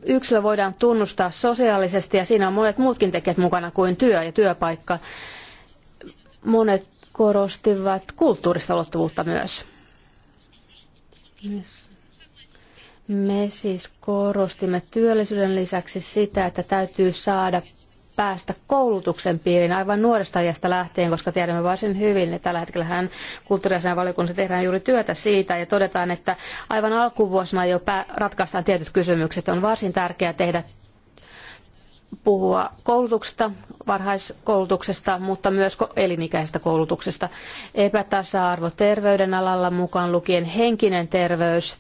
Speaker 2: yksilö voidaan tunnustaa sosiaalisesti ja siinä on monet muutkin tekijät mukana kuin työ ja työpaikka. Monet korostivat kulttuurista ulottuvuutta myös. Me siis korostimme työllisyyden lisäksi sitä, että täytyy saada päästä koulutuksen piiriin aivan nuoresta iästä lähtien, koska tiedämme varsin hyvin, että tällä hetkellä hän kulttuuriasian valiokunnassa tehdään juuri työtä siitä ja todetaan, että aivan alkuvuosina jo ratkaistaan tietyt kysymykset. On varsin tärkeää tehdä puhua koulutuksesta, varhaiskoulutuksesta, mutta myös elinikäisestä koulutuksesta. Epätasa-arvo terveyden alalla mukaan lukien henkinen terveys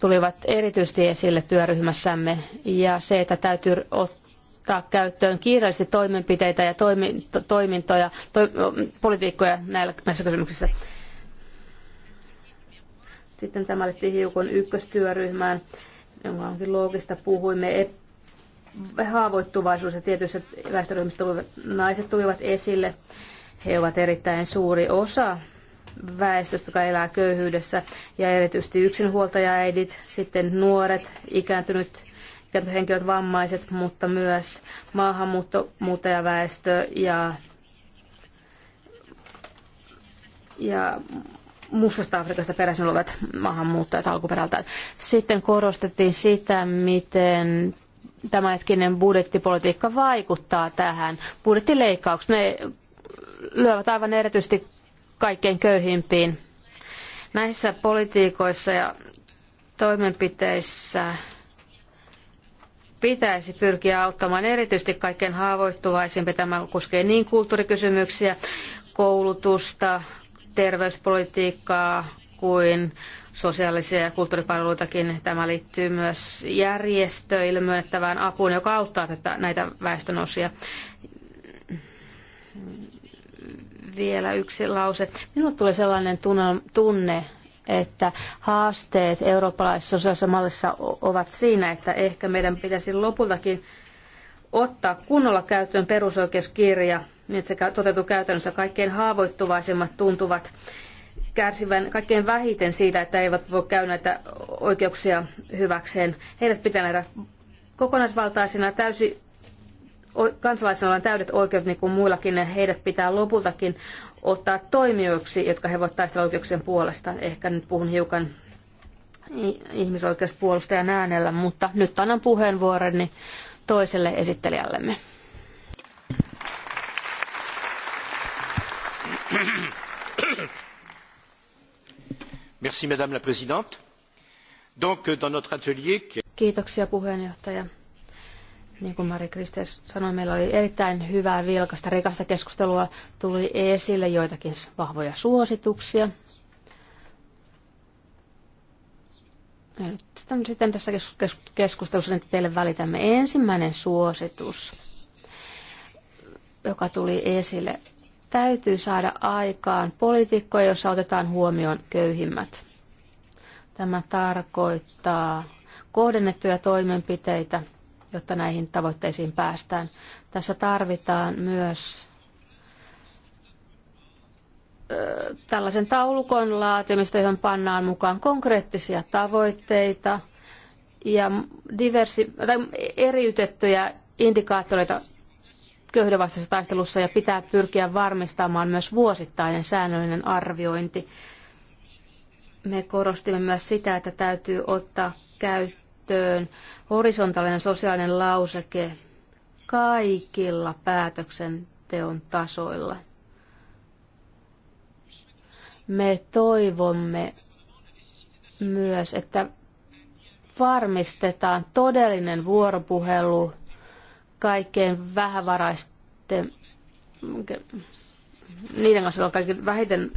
Speaker 2: tulivat erityisesti esille työryhmässämme ja se, että täytyy ottaa ottaa käyttöön kiireellisesti toimenpiteitä ja toimi, to, toimintoja, to, politiikkoja näillä, näissä kysymyksissä. Sitten tämä liittyy hiukan ykköstyöryhmään, jonka onkin loogista puhuimme. E- haavoittuvaisuus ja tietyissä väestöryhmissä tulivat, naiset tulivat esille. He ovat erittäin suuri osa väestöstä, joka elää köyhyydessä, ja erityisesti yksinhuoltajaäidit, sitten nuoret, ikääntynyt ikääntyneet henkilöt, vammaiset, mutta myös maahanmuuttajaväestö ja, ja mustasta Afrikasta peräisin olevat maahanmuuttajat alkuperältään. Sitten korostettiin sitä, miten tämänhetkinen budjettipolitiikka vaikuttaa tähän. Budjettileikkaukset, ne lyövät aivan erityisesti kaikkein köyhimpiin. Näissä politiikoissa ja toimenpiteissä pitäisi pyrkiä auttamaan erityisesti kaikkein haavoittuvaisimpia. Tämä koskee niin kulttuurikysymyksiä, koulutusta, terveyspolitiikkaa kuin sosiaalisia ja kulttuuripalveluitakin. Tämä liittyy myös järjestöille myönnettävään apuun, joka auttaa tätä, näitä väestönosia. Vielä yksi lause. Minulle tulee sellainen tunne, että haasteet eurooppalaisessa sosiaalisessa mallissa ovat siinä, että ehkä meidän pitäisi lopultakin ottaa kunnolla käyttöön perusoikeuskirja, niin että se toteutuu käytännössä kaikkein haavoittuvaisimmat tuntuvat kärsivän kaikkein vähiten siitä, että eivät voi käydä näitä oikeuksia hyväkseen. Heidät pitää nähdä kokonaisvaltaisina täysi kansalaisilla on täydet oikeudet niin kuin muillakin, ja heidät pitää lopultakin ottaa toimijoiksi, jotka he voivat taistella oikeuksien puolesta. Ehkä nyt puhun hiukan ihmisoikeuspuolustajan äänellä, mutta nyt annan puheenvuoroni toiselle esittelijällemme.
Speaker 1: Merci, Madame la Présidente. Donc, dans notre atelier...
Speaker 2: Kiitoksia puheenjohtaja. Niin kuin Mari Kristes sanoi, meillä oli erittäin hyvää, vilkasta, rikasta keskustelua. Tuli esille joitakin vahvoja suosituksia. nyt sitten tässä keskustelussa nyt teille välitämme ensimmäinen suositus, joka tuli esille. Täytyy saada aikaan poliitikkoja, jossa otetaan huomioon köyhimmät. Tämä tarkoittaa kohdennettuja toimenpiteitä – jotta näihin tavoitteisiin päästään. Tässä tarvitaan myös tällaisen taulukon laatimista, johon pannaan mukaan konkreettisia tavoitteita ja diversi, tai eriytettyjä indikaattoreita köyhdenvastaisessa taistelussa ja pitää pyrkiä varmistamaan myös vuosittainen säännöllinen arviointi. Me korostimme myös sitä, että täytyy ottaa käyttöön käyttöön horisontaalinen sosiaalinen lauseke kaikilla päätöksenteon tasoilla. Me toivomme myös, että varmistetaan todellinen vuoropuhelu kaikkein vähävaraisten niiden kanssa, on kaikki vähiten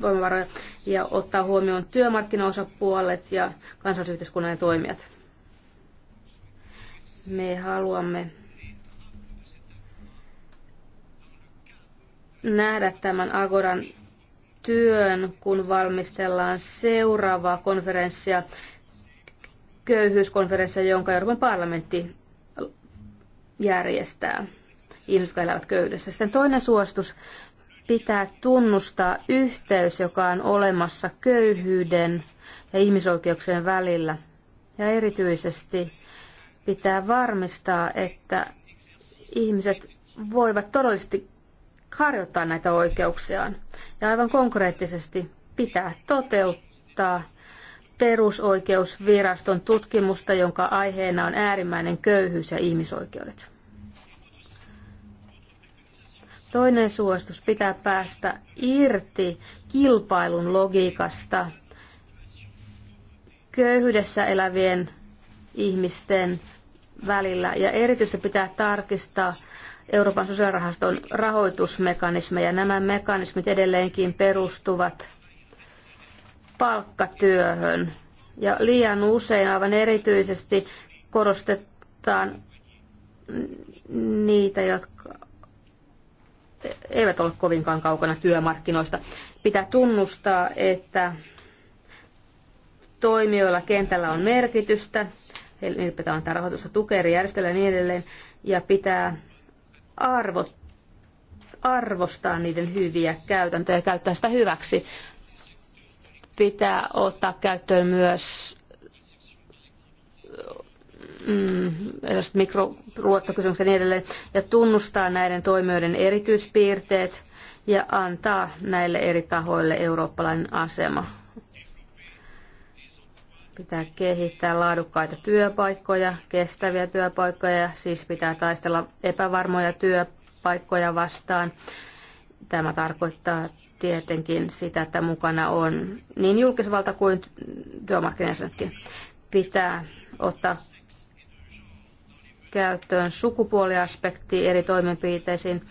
Speaker 2: voimavaroja ja ottaa huomioon työmarkkinaosapuolet ja kansallisyhteiskunnan toimijat. Me haluamme nähdä tämän Agoran työn, kun valmistellaan seuraavaa konferenssia, köyhyyskonferenssia, jonka Euroopan parlamentti järjestää ihmiset, jotka elävät köyhyydessä. Sitten toinen suositus pitää tunnustaa yhteys, joka on olemassa köyhyyden ja ihmisoikeuksien välillä. Ja erityisesti pitää varmistaa, että ihmiset voivat todellisesti harjoittaa näitä oikeuksiaan. Ja aivan konkreettisesti pitää toteuttaa perusoikeusviraston tutkimusta, jonka aiheena on äärimmäinen köyhyys ja ihmisoikeudet. Toinen suositus pitää päästä irti kilpailun logiikasta. Köyhyydessä elävien ihmisten välillä ja erityisesti pitää tarkistaa Euroopan sosiaalirahaston rahoitusmekanismeja. Nämä mekanismit edelleenkin perustuvat palkkatyöhön ja liian usein aivan erityisesti korostetaan niitä, jotka eivät ole kovinkaan kaukana työmarkkinoista. Pitää tunnustaa, että toimijoilla kentällä on merkitystä, eli pitää antaa rahoitusta tukea järjestölle ja niin edelleen, ja pitää arvo, arvostaa niiden hyviä käytäntöjä ja käyttää sitä hyväksi. Pitää ottaa käyttöön myös mm, mikroluottokysymykset ja niin edelleen, ja tunnustaa näiden toimijoiden erityispiirteet ja antaa näille eri tahoille eurooppalainen asema. Pitää kehittää laadukkaita työpaikkoja, kestäviä työpaikkoja, siis pitää taistella epävarmoja työpaikkoja vastaan. Tämä tarkoittaa tietenkin sitä, että mukana on niin julkisvalta kuin työmarkkinaisetkin. Pitää ottaa käyttöön sukupuoliaspekti eri toimenpiteisiin.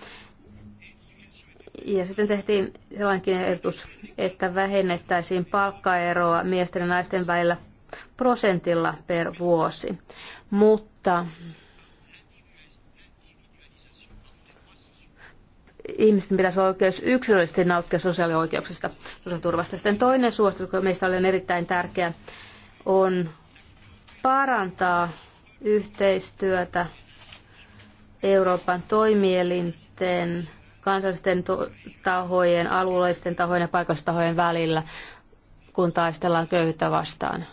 Speaker 2: Ja sitten tehtiin sellainenkin ehdotus, että vähennettäisiin palkkaeroa miesten ja naisten välillä prosentilla per vuosi. Mutta ihmisten pitäisi olla oikeus yksilöllisesti nauttia sosiaalioikeuksista, sosiaaliturvasta. Sitten toinen suositus, joka meistä oli erittäin tärkeä, on parantaa yhteistyötä Euroopan toimielinten, kansallisten tahojen, alueellisten tahojen ja paikallistahojen välillä, kun taistellaan köyhyyttä vastaan.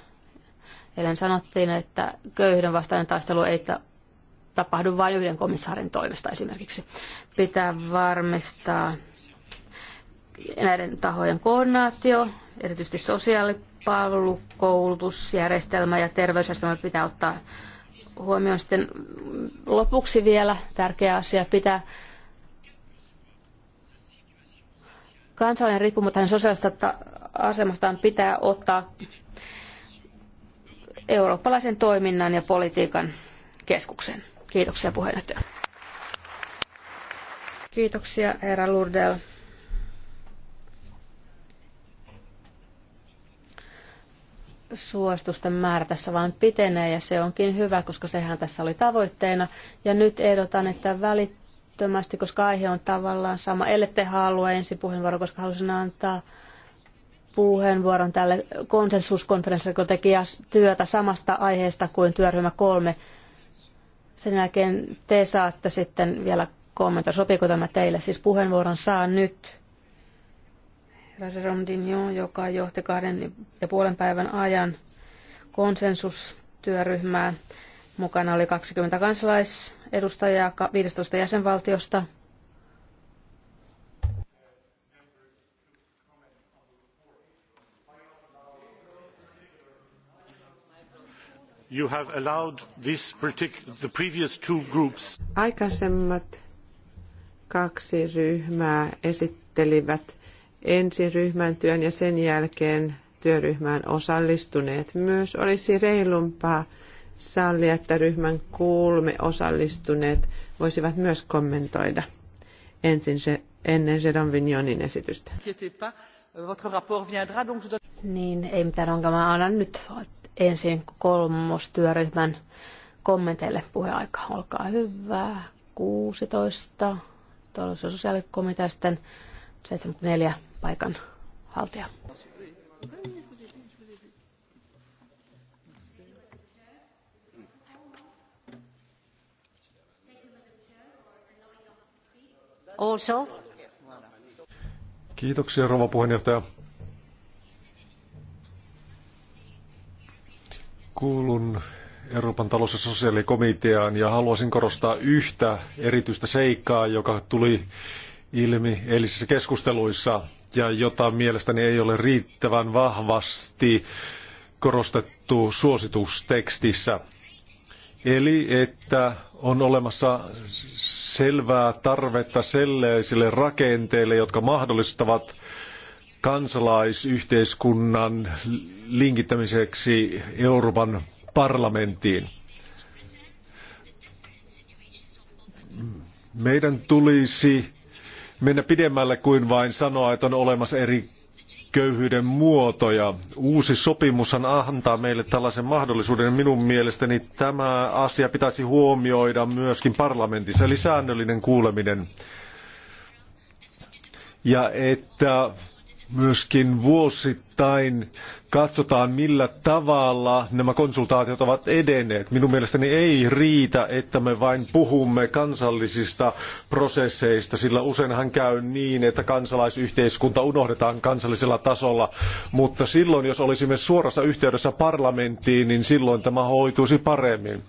Speaker 2: Eilen sanottiin, että köyhyyden vastainen taistelu ei tapahdu vain yhden komissaarin toimesta esimerkiksi. Pitää varmistaa näiden tahojen koordinaatio, erityisesti sosiaalipalvelu, koulutusjärjestelmä ja terveysjärjestelmä pitää ottaa huomioon sitten lopuksi vielä tärkeä asia pitää kansallinen riippumatta hänen sosiaalista asemastaan pitää ottaa eurooppalaisen toiminnan ja politiikan keskuksen. Kiitoksia puheenjohtaja. Kiitoksia herra Lurdel. suositusten määrä tässä vain pitenee ja se onkin hyvä, koska sehän tässä oli tavoitteena. Ja nyt ehdotan, että välittömästi, koska aihe on tavallaan sama, ellette halua ensi puheenvuoro, koska halusin antaa puheenvuoron tälle konsensuskonferenssille, kun teki työtä samasta aiheesta kuin työryhmä kolme. Sen jälkeen te saatte sitten vielä kommentoida, sopiiko tämä teille. Siis puheenvuoron saa nyt Dignon, joka johti kahden ja puolen päivän ajan konsensustyöryhmää. Mukana oli 20 kansalaisedustajaa 15 jäsenvaltiosta.
Speaker 4: You have allowed this the previous two groups.
Speaker 3: Aikaisemmat kaksi ryhmää esittelivät ensin ryhmän työn ja sen jälkeen työryhmään osallistuneet. Myös olisi reilumpaa sallia, että ryhmän kolme osallistuneet voisivat myös kommentoida ensin se, ennen Jedon Vignonin esitystä. Niin, ei mitään ongelmaa. Annan
Speaker 2: nyt ensin kolmostyöryhmän kommenteille puheaika. Olkaa hyvä. 16. Tuolla sosiaalikomiteasten 74 paikan haltija.
Speaker 1: Also.
Speaker 4: Kiitoksia, rouva puheenjohtaja. Kuulun Euroopan talous- ja sosiaalikomiteaan ja haluaisin korostaa yhtä erityistä seikkaa, joka tuli ilmi eilisissä keskusteluissa ja jota mielestäni ei ole riittävän vahvasti korostettu suositustekstissä. Eli että on olemassa selvää tarvetta sellaisille rakenteille, jotka mahdollistavat kansalaisyhteiskunnan linkittämiseksi Euroopan parlamenttiin. Meidän tulisi mennä pidemmälle kuin vain sanoa, että on olemassa eri köyhyyden muotoja. Uusi sopimushan antaa meille tällaisen mahdollisuuden. Minun mielestäni tämä asia pitäisi huomioida myöskin parlamentissa, eli säännöllinen kuuleminen. Ja että myöskin vuosittain katsotaan, millä tavalla nämä konsultaatiot ovat edenneet. Minun mielestäni ei riitä, että me vain puhumme kansallisista prosesseista, sillä useinhan käy niin, että kansalaisyhteiskunta unohdetaan kansallisella tasolla, mutta silloin, jos olisimme suorassa yhteydessä parlamenttiin, niin silloin tämä hoituisi paremmin.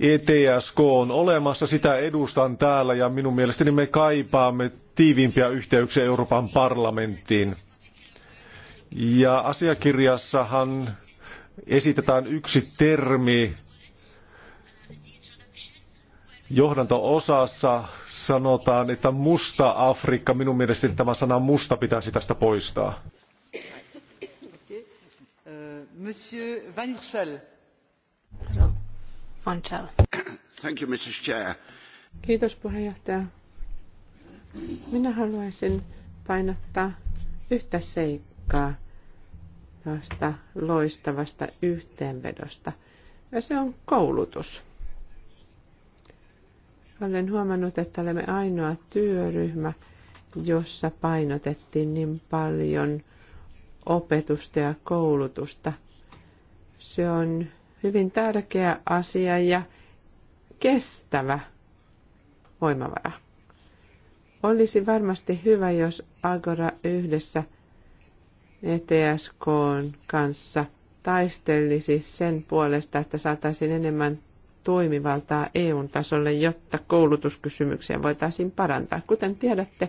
Speaker 4: ETSK on olemassa, sitä edustan täällä ja minun mielestäni me kaipaamme tiiviimpiä yhteyksiä Euroopan parlamenttiin. Ja asiakirjassahan esitetään yksi termi johdanto-osassa sanotaan, että musta Afrikka, minun mielestäni tämä sana musta pitäisi tästä poistaa. Uh,
Speaker 1: Monsieur Van Ursel. Van Ursel. Thank you, Mrs.
Speaker 3: Chair. Kiitos puheenjohtaja. Minä haluaisin painottaa yhtä seikkaa tuosta loistavasta yhteenvedosta, ja se on koulutus. Olen huomannut, että olemme ainoa työryhmä, jossa painotettiin niin paljon opetusta ja koulutusta. Se on hyvin tärkeä asia ja kestävä voimavara. Olisi varmasti hyvä, jos Agora yhdessä ETSK kanssa taistelisi sen puolesta, että saataisiin enemmän toimivaltaa eu tasolle, jotta koulutuskysymyksiä voitaisiin parantaa. Kuten tiedätte,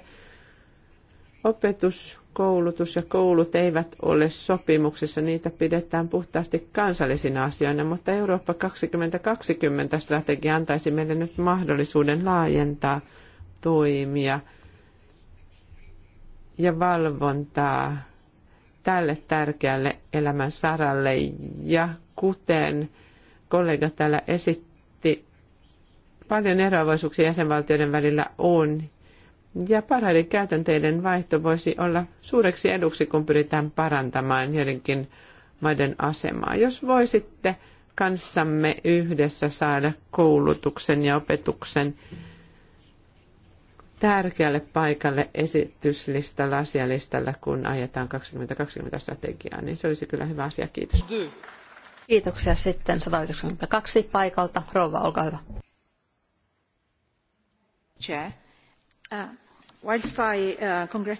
Speaker 3: opetus, koulutus ja koulut eivät ole sopimuksessa. Niitä pidetään puhtaasti kansallisina asioina, mutta Eurooppa 2020 strategia antaisi meille nyt mahdollisuuden laajentaa – toimia ja valvontaa tälle tärkeälle elämän saralle. Ja kuten kollega täällä esitti, paljon eroavaisuuksia jäsenvaltioiden välillä on. Ja parhaiden käytänteiden vaihto voisi olla suureksi eduksi, kun pyritään parantamaan joidenkin maiden asemaa. Jos voisitte kanssamme yhdessä saada koulutuksen ja opetuksen tärkeälle paikalle esityslistalla, asialistalla, kun ajetaan 2020-strategiaa, niin se olisi kyllä hyvä asia. Kiitos.
Speaker 2: Kiitoksia sitten 192 paikalta. Rouva, olkaa hyvä. Uh, uh,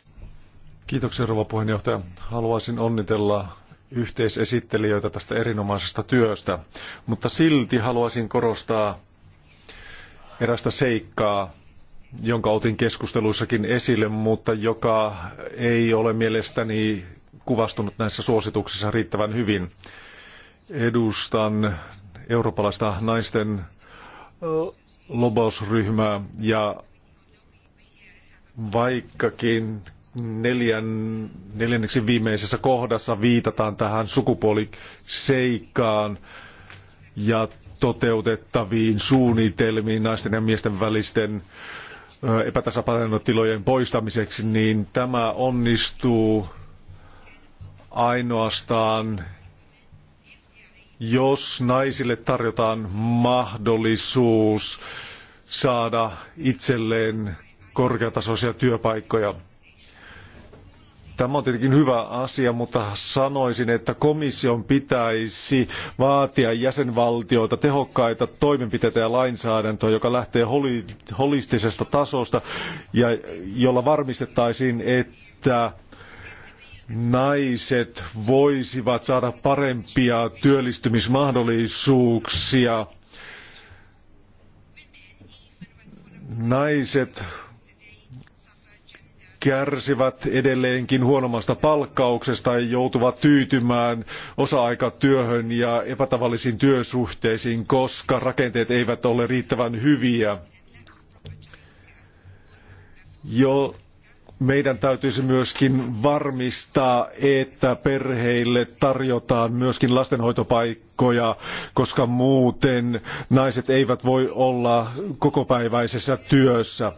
Speaker 4: Kiitoksia rouva puheenjohtaja. Haluaisin onnitella yhteisesittelijöitä tästä erinomaisesta työstä, mutta silti haluaisin korostaa erästä seikkaa, jonka otin keskusteluissakin esille, mutta joka ei ole mielestäni kuvastunut näissä suosituksissa riittävän hyvin. Edustan eurooppalaista naisten lobosryhmää ja vaikkakin neljän, neljänneksi viimeisessä kohdassa viitataan tähän sukupuoliseikkaan ja toteutettaviin suunnitelmiin naisten ja miesten välisten äh, Äh, epätasapainotilojen poistamiseksi, niin tämä onnistuu ainoastaan, jos naisille tarjotaan mahdollisuus saada itselleen korkeatasoisia työpaikkoja. Tämä on tietenkin hyvä asia, mutta sanoisin, että komission pitäisi vaatia jäsenvaltioilta tehokkaita toimenpiteitä ja lainsäädäntöä, joka lähtee holistisesta tasosta ja jolla varmistettaisiin, että naiset voisivat saada parempia työllistymismahdollisuuksia. Naiset kärsivät edelleenkin huonommasta palkkauksesta ja joutuvat tyytymään osa-aikatyöhön ja epätavallisiin työsuhteisiin, koska rakenteet eivät ole riittävän hyviä. Jo meidän täytyisi myöskin varmistaa, että perheille tarjotaan myöskin lastenhoitopaikka palkkoja, koska muuten naiset eivät voi olla kokopäiväisessä työssä.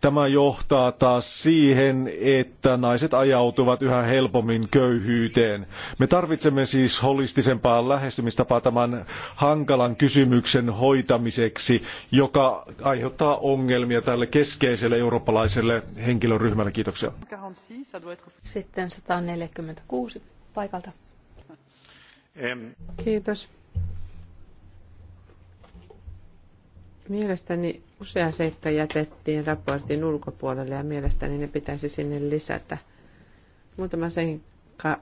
Speaker 4: Tämä johtaa taas siihen, että naiset ajautuvat yhä helpommin köyhyyteen. Me tarvitsemme siis holistisempaa lähestymistapaa tämän hankalan kysymyksen hoitamiseksi, joka aiheuttaa ongelmia tälle keskeiselle eurooppalaiselle henkilöryhmälle. Kiitoksia.
Speaker 2: Sitten 146 paikalta.
Speaker 3: Kiitos. Mielestäni usea seikka jätettiin raportin ulkopuolelle ja mielestäni ne pitäisi sinne lisätä. Muutama seikka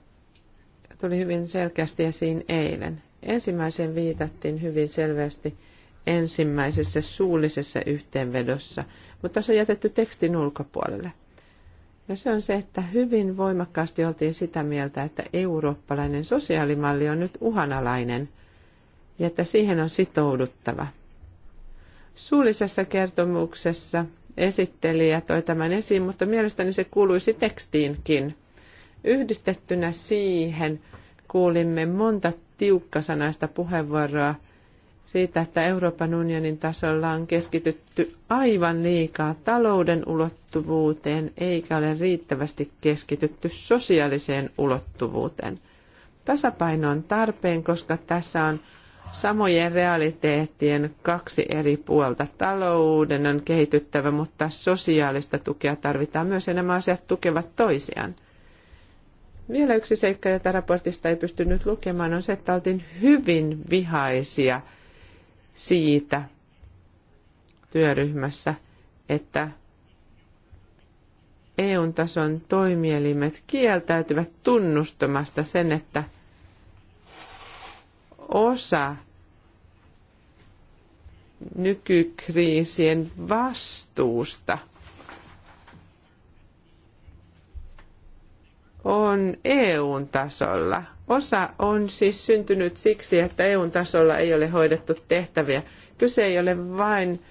Speaker 3: tuli hyvin selkeästi esiin eilen. Ensimmäisen viitattiin hyvin selvästi ensimmäisessä suullisessa yhteenvedossa, mutta se on jätetty tekstin ulkopuolelle. Ja se on se, että hyvin voimakkaasti oltiin sitä mieltä, että eurooppalainen sosiaalimalli on nyt uhanalainen ja että siihen on sitouduttava. Suullisessa kertomuksessa esittelijä toi tämän esiin, mutta mielestäni se kuuluisi tekstiinkin. Yhdistettynä siihen kuulimme monta tiukkasanaista puheenvuoroa – siitä, että Euroopan unionin tasolla on keskitytty aivan liikaa talouden ulottuvuuteen eikä ole riittävästi keskitytty sosiaaliseen ulottuvuuteen. Tasapaino on tarpeen, koska tässä on samojen realiteettien kaksi eri puolta. Talouden on kehityttävä, mutta sosiaalista tukea tarvitaan myös ja nämä asiat tukevat toisiaan. Vielä yksi seikka, jota raportista ei pystynyt lukemaan, on se, että oltiin hyvin vihaisia – siitä työryhmässä, että EU-tason toimielimet kieltäytyvät tunnustamasta sen, että osa nykykriisien vastuusta on EUn tasolla – Osa on siis syntynyt siksi, että EUn tasolla ei ole hoidettu tehtäviä. Kyse ei ole vain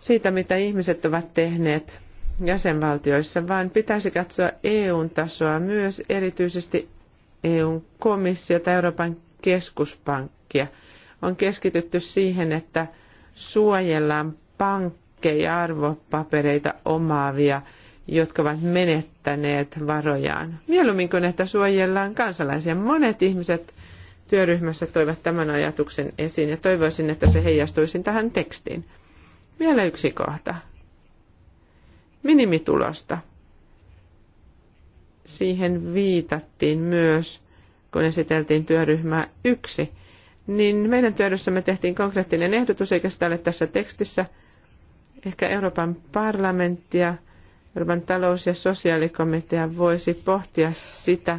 Speaker 3: siitä, mitä ihmiset ovat tehneet jäsenvaltioissa, vaan pitäisi katsoa EUn tasoa myös, erityisesti EUn komissiota, Euroopan keskuspankkia. On keskitytty siihen, että suojellaan pankkeja, arvopapereita omaavia – jotka ovat menettäneet varojaan. Mieluummin kuin että suojellaan kansalaisia. Monet ihmiset työryhmässä toivat tämän ajatuksen esiin ja toivoisin, että se heijastuisi tähän tekstiin. Vielä yksi kohta. Minimitulosta. Siihen viitattiin myös, kun esiteltiin työryhmää yksi. Niin meidän työdössämme tehtiin konkreettinen ehdotus, eikä sitä ole tässä tekstissä. Ehkä Euroopan parlamenttia Euroopan talous- ja sosiaalikomitea voisi pohtia sitä,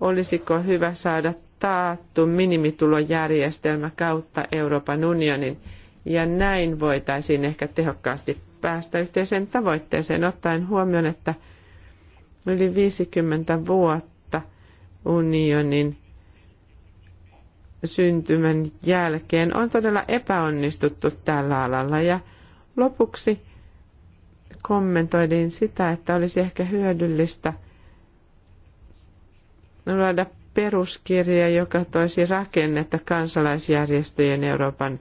Speaker 3: olisiko hyvä saada taattu minimitulojärjestelmä kautta Euroopan unionin, ja näin voitaisiin ehkä tehokkaasti päästä yhteiseen tavoitteeseen, ottaen huomioon, että yli 50 vuotta unionin syntymän jälkeen on todella epäonnistuttu tällä alalla. Ja lopuksi kommentoidin sitä, että olisi ehkä hyödyllistä luoda peruskirja, joka toisi rakennetta kansalaisjärjestöjen Euroopan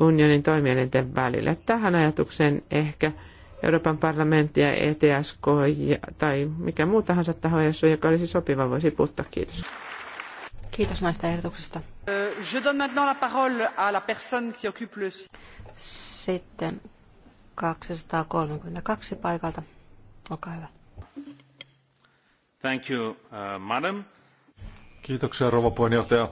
Speaker 3: unionin toimielinten välillä. Tähän ajatukseen ehkä Euroopan parlamentti ja ETSK tai mikä muu tahansa taho, jos joka olisi sopiva, voisi puuttaa. Kiitos.
Speaker 2: Kiitos näistä ehdotuksista. Euh, Sitten 232 paikalta. Olkaa hyvä.
Speaker 4: Thank you, uh, madam. Kiitoksia, rouva puheenjohtaja.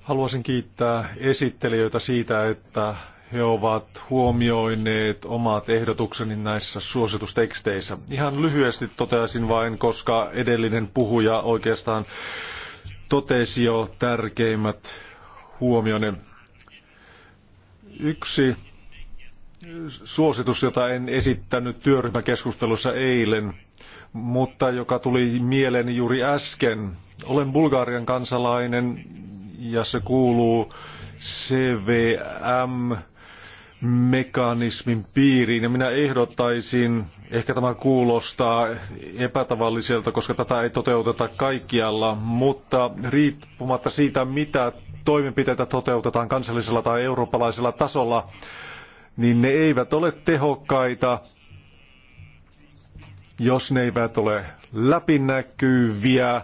Speaker 4: Haluaisin kiittää esittelijöitä siitä, että he ovat huomioineet omat ehdotukseni näissä suositusteksteissä. Ihan lyhyesti toteaisin vain, koska edellinen puhuja oikeastaan totesi jo tärkeimmät huomioiden. Yksi suositus, jota en esittänyt työryhmäkeskustelussa eilen, mutta joka tuli mieleeni juuri äsken. Olen Bulgarian kansalainen ja se kuuluu CVM mekanismin piiriin ja minä ehdottaisin, ehkä tämä kuulostaa epätavalliselta, koska tätä ei toteuteta kaikkialla, mutta riippumatta siitä, mitä toimenpiteitä toteutetaan kansallisella tai eurooppalaisella tasolla, niin ne eivät ole tehokkaita, jos ne eivät ole läpinäkyviä,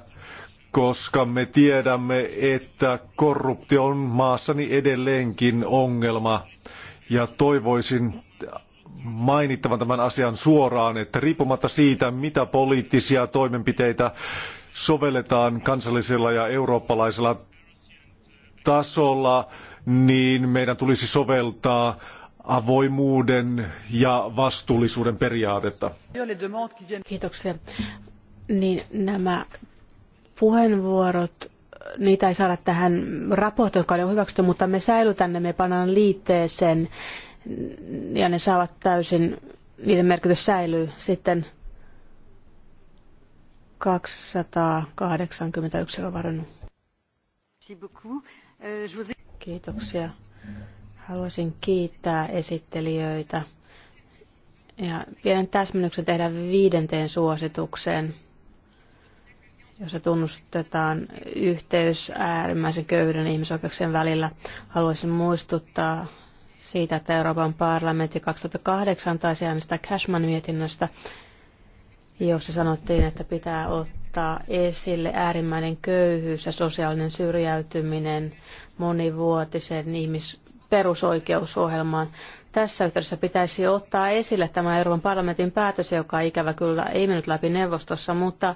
Speaker 4: koska me tiedämme, että korruptio on maassani edelleenkin ongelma. Ja toivoisin mainittavan tämän asian suoraan, että riippumatta siitä, mitä poliittisia toimenpiteitä sovelletaan kansallisella ja eurooppalaisella tasolla, niin meidän tulisi soveltaa avoimuuden ja vastuullisuuden periaatetta.
Speaker 2: Kiitoksia. Niin nämä puheenvuorot, niitä ei saada tähän raporttiin, joka oli hyväksytty, mutta me säilytämme, me pannaan liitteeseen ja ne saavat täysin, niiden merkitys säilyy sitten 281 on varannut. Euh, Kiitoksia. Haluaisin kiittää esittelijöitä. Ja pienen täsmennyksen tehdä viidenteen suositukseen, jossa tunnustetaan yhteys äärimmäisen köyhyyden ihmisoikeuksien välillä. Haluaisin muistuttaa siitä, että Euroopan parlamentti 2008 taisi äänestää Cashman-mietinnöstä, jossa sanottiin, että pitää ottaa esille äärimmäinen köyhyys ja sosiaalinen syrjäytyminen monivuotisen ihmis- perusoikeusohjelmaan. Tässä yhteydessä pitäisi ottaa esille tämä Euroopan parlamentin päätös, joka ikävä kyllä ei mennyt läpi neuvostossa, mutta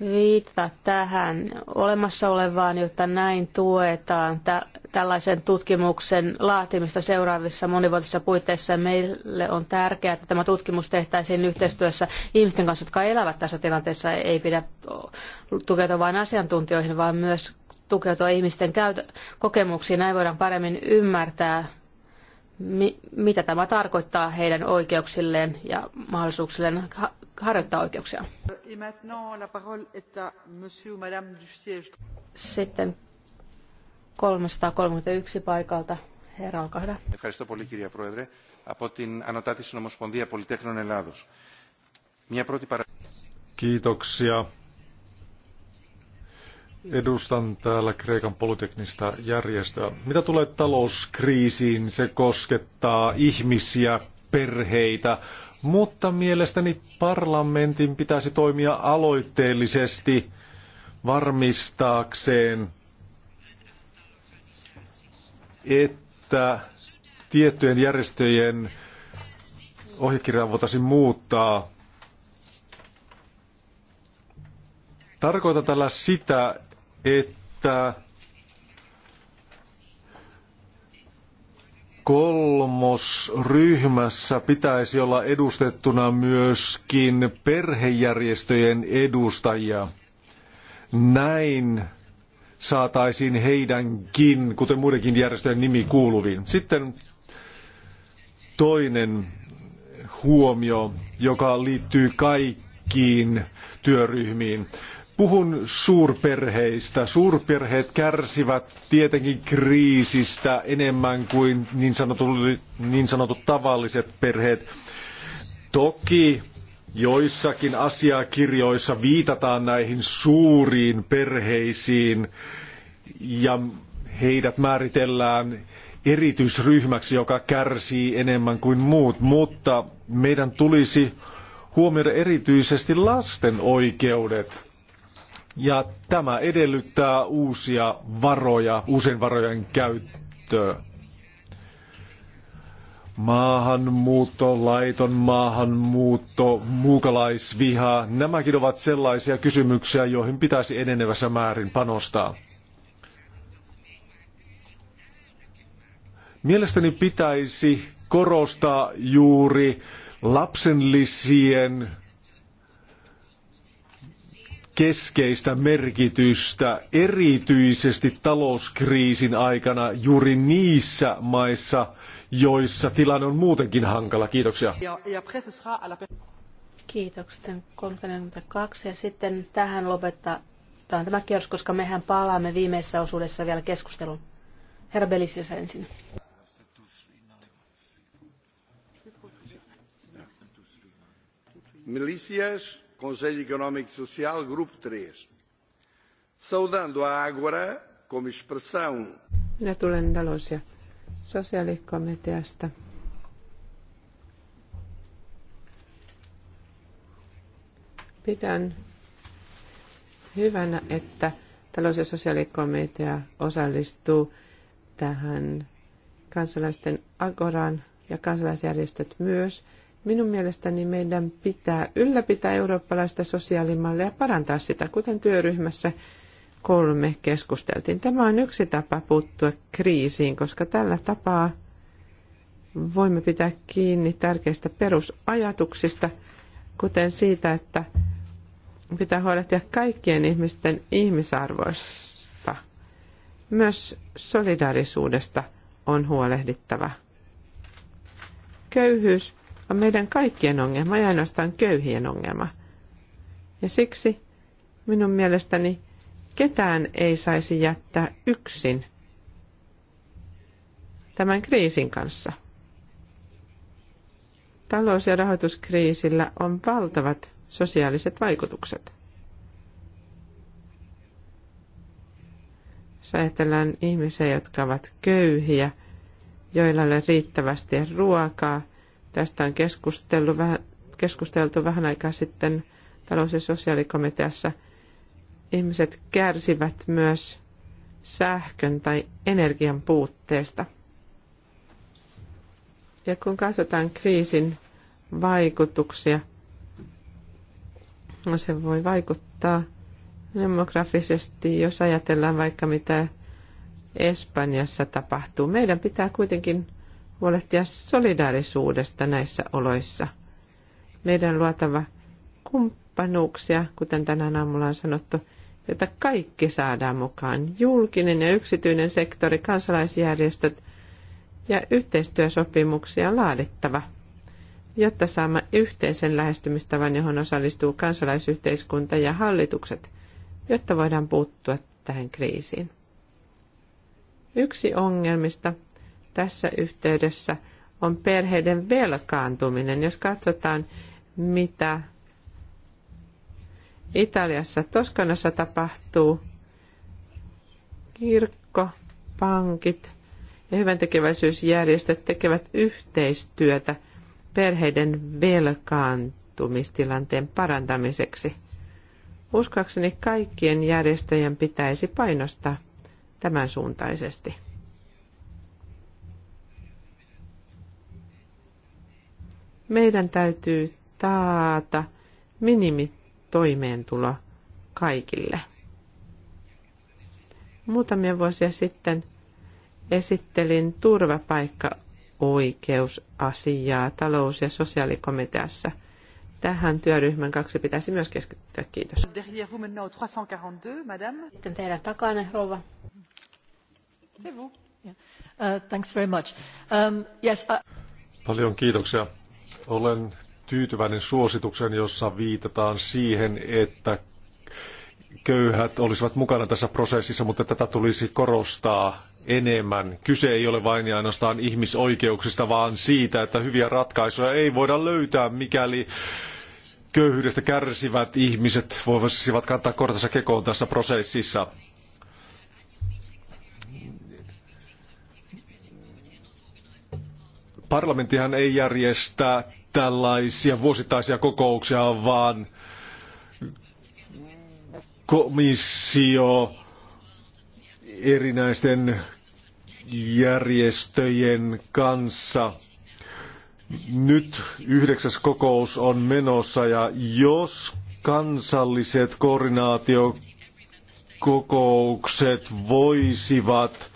Speaker 2: viitata tähän olemassa olevaan, jotta näin tuetaan tällaisen tutkimuksen laatimista seuraavissa monivuotisissa puitteissa. Meille on tärkeää, että tämä tutkimus tehtäisiin yhteistyössä ihmisten kanssa, jotka elävät tässä tilanteessa. Ei pidä tukeutua vain asiantuntijoihin, vaan myös tukeutua ihmisten käytö- kokemuksiin. Näin voidaan paremmin ymmärtää, mi- mitä tämä tarkoittaa heidän oikeuksilleen ja mahdollisuuksilleen ha- harjoittaa oikeuksia. Sitten 331 paikalta. Herra, olkaa hyvä.
Speaker 4: Ευχαριστώ πολύ κυρία Πρόεδρε. Από την Ανωτάτη Συνομοσπονδία Πολυτέχνων Ελλάδος. Μια πρώτη παρα... Kiitoksia Edustan täällä Kreikan polyteknistä järjestöä. Mitä tulee talouskriisiin, se koskettaa ihmisiä, perheitä, mutta mielestäni parlamentin pitäisi toimia aloitteellisesti varmistaakseen, että tiettyjen järjestöjen ohjekirjaa voitaisiin muuttaa. Tarkoitan tällä sitä, että kolmosryhmässä pitäisi olla edustettuna myöskin perhejärjestöjen edustajia. Näin saataisiin heidänkin, kuten muidenkin järjestöjen nimi kuuluviin. Sitten toinen huomio, joka liittyy kaikkiin työryhmiin. Puhun suurperheistä. Suurperheet kärsivät tietenkin kriisistä enemmän kuin niin sanotut, niin sanotut tavalliset perheet. Toki joissakin asiakirjoissa viitataan näihin suuriin perheisiin ja heidät määritellään erityisryhmäksi, joka kärsii enemmän kuin muut, mutta meidän tulisi huomioida erityisesti lasten oikeudet. Ja tämä edellyttää uusia varoja, uusien varojen käyttöä. Maahanmuutto, laiton maahanmuutto, muukalaisviha, nämäkin ovat sellaisia kysymyksiä, joihin pitäisi enenevässä määrin panostaa. Mielestäni pitäisi korostaa juuri lapsenlisien keskeistä merkitystä erityisesti talouskriisin aikana juuri niissä maissa, joissa tilanne on muutenkin hankala. Kiitoksia.
Speaker 2: Kiitokset. 32. Ja sitten tähän lopettaa tämä kierros, koska mehän palaamme viimeisessä osuudessa vielä keskustelun. Herra Belisius ensin.
Speaker 4: Milicias Conselho Económico e Social, Grupo 3. Saudando a Ágora como expressão.
Speaker 3: Minä tulen talous- ja sosiaalikomiteasta. Pidän hyvänä, että talous- ja sosiaalikomitea osallistuu tähän kansalaisten agoraan ja kansalaisjärjestöt myös – Minun mielestäni meidän pitää ylläpitää eurooppalaista sosiaalimallia ja parantaa sitä, kuten työryhmässä kolme keskusteltiin. Tämä on yksi tapa puuttua kriisiin, koska tällä tapaa voimme pitää kiinni tärkeistä perusajatuksista, kuten siitä, että pitää huolehtia kaikkien ihmisten ihmisarvoista. Myös solidarisuudesta on huolehdittava. Köyhyys on meidän kaikkien ongelma, ei ainoastaan köyhien ongelma. Ja siksi minun mielestäni ketään ei saisi jättää yksin tämän kriisin kanssa. Talous- ja rahoituskriisillä on valtavat sosiaaliset vaikutukset. Jos ajatellaan ihmisiä, jotka ovat köyhiä, joilla ei ole riittävästi ruokaa – Tästä on keskusteltu vähän, keskusteltu vähän aikaa sitten talous- ja sosiaalikomiteassa. Ihmiset kärsivät myös sähkön tai energian puutteesta. Ja kun katsotaan kriisin vaikutuksia, no se voi vaikuttaa demografisesti, jos ajatellaan vaikka mitä Espanjassa tapahtuu. Meidän pitää kuitenkin huolehtia solidaarisuudesta näissä oloissa. Meidän luotava kumppanuuksia, kuten tänään aamulla on sanottu, jota kaikki saadaan mukaan. Julkinen ja yksityinen sektori, kansalaisjärjestöt ja yhteistyösopimuksia laadittava, jotta saamme yhteisen lähestymistavan, johon osallistuu kansalaisyhteiskunta ja hallitukset, jotta voidaan puuttua tähän kriisiin. Yksi ongelmista – tässä yhteydessä on perheiden velkaantuminen. Jos katsotaan, mitä Italiassa, Toskanassa tapahtuu, kirkko, pankit ja hyväntekeväisyysjärjestöt tekevät yhteistyötä perheiden velkaantumistilanteen parantamiseksi. Uskakseni kaikkien järjestöjen pitäisi painostaa tämän suuntaisesti. Meidän täytyy taata minimitoimeentulo kaikille. Muutamia vuosia sitten esittelin turvapaikka-oikeusasiaa talous- ja sosiaalikomiteassa. Tähän työryhmän kaksi pitäisi myös keskittyä. Kiitos.
Speaker 1: Sitten teidän takana,
Speaker 2: rouva. Uh, um,
Speaker 4: Paljon kiitoksia. Olen tyytyväinen suosituksen, jossa viitataan siihen, että köyhät olisivat mukana tässä prosessissa, mutta tätä tulisi korostaa enemmän. Kyse ei ole vain ja ainoastaan ihmisoikeuksista, vaan siitä, että hyviä ratkaisuja ei voida löytää, mikäli köyhyydestä kärsivät ihmiset voisivat kantaa kortensa kekoon tässä prosessissa. Parlamenttihan ei järjestä tällaisia vuosittaisia kokouksia, vaan komissio erinäisten järjestöjen kanssa. Nyt yhdeksäs kokous on menossa ja jos kansalliset koordinaatiokokoukset voisivat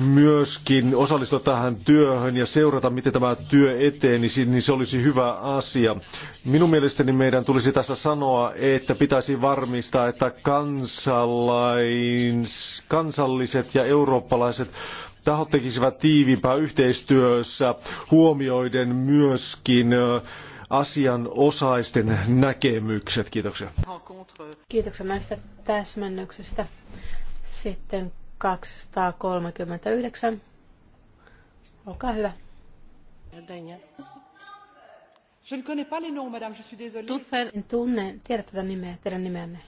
Speaker 4: myöskin osallistua tähän työhön ja seurata, miten tämä työ etenisi, niin se olisi hyvä asia. Minun mielestäni meidän tulisi tässä sanoa, että pitäisi varmistaa, että kansalais, kansalliset ja eurooppalaiset tahot tekisivät tiiviimpää yhteistyössä huomioiden myöskin asianosaisten näkemykset. Kiitoksia.
Speaker 2: Kiitoksia näistä täsmennyksistä. Sitten 239. Olkaa hyvä. Je ne connais pas les noms, madame, je suis désolée. En tunne, tiedä tätä nimeä, teidän nimeänne.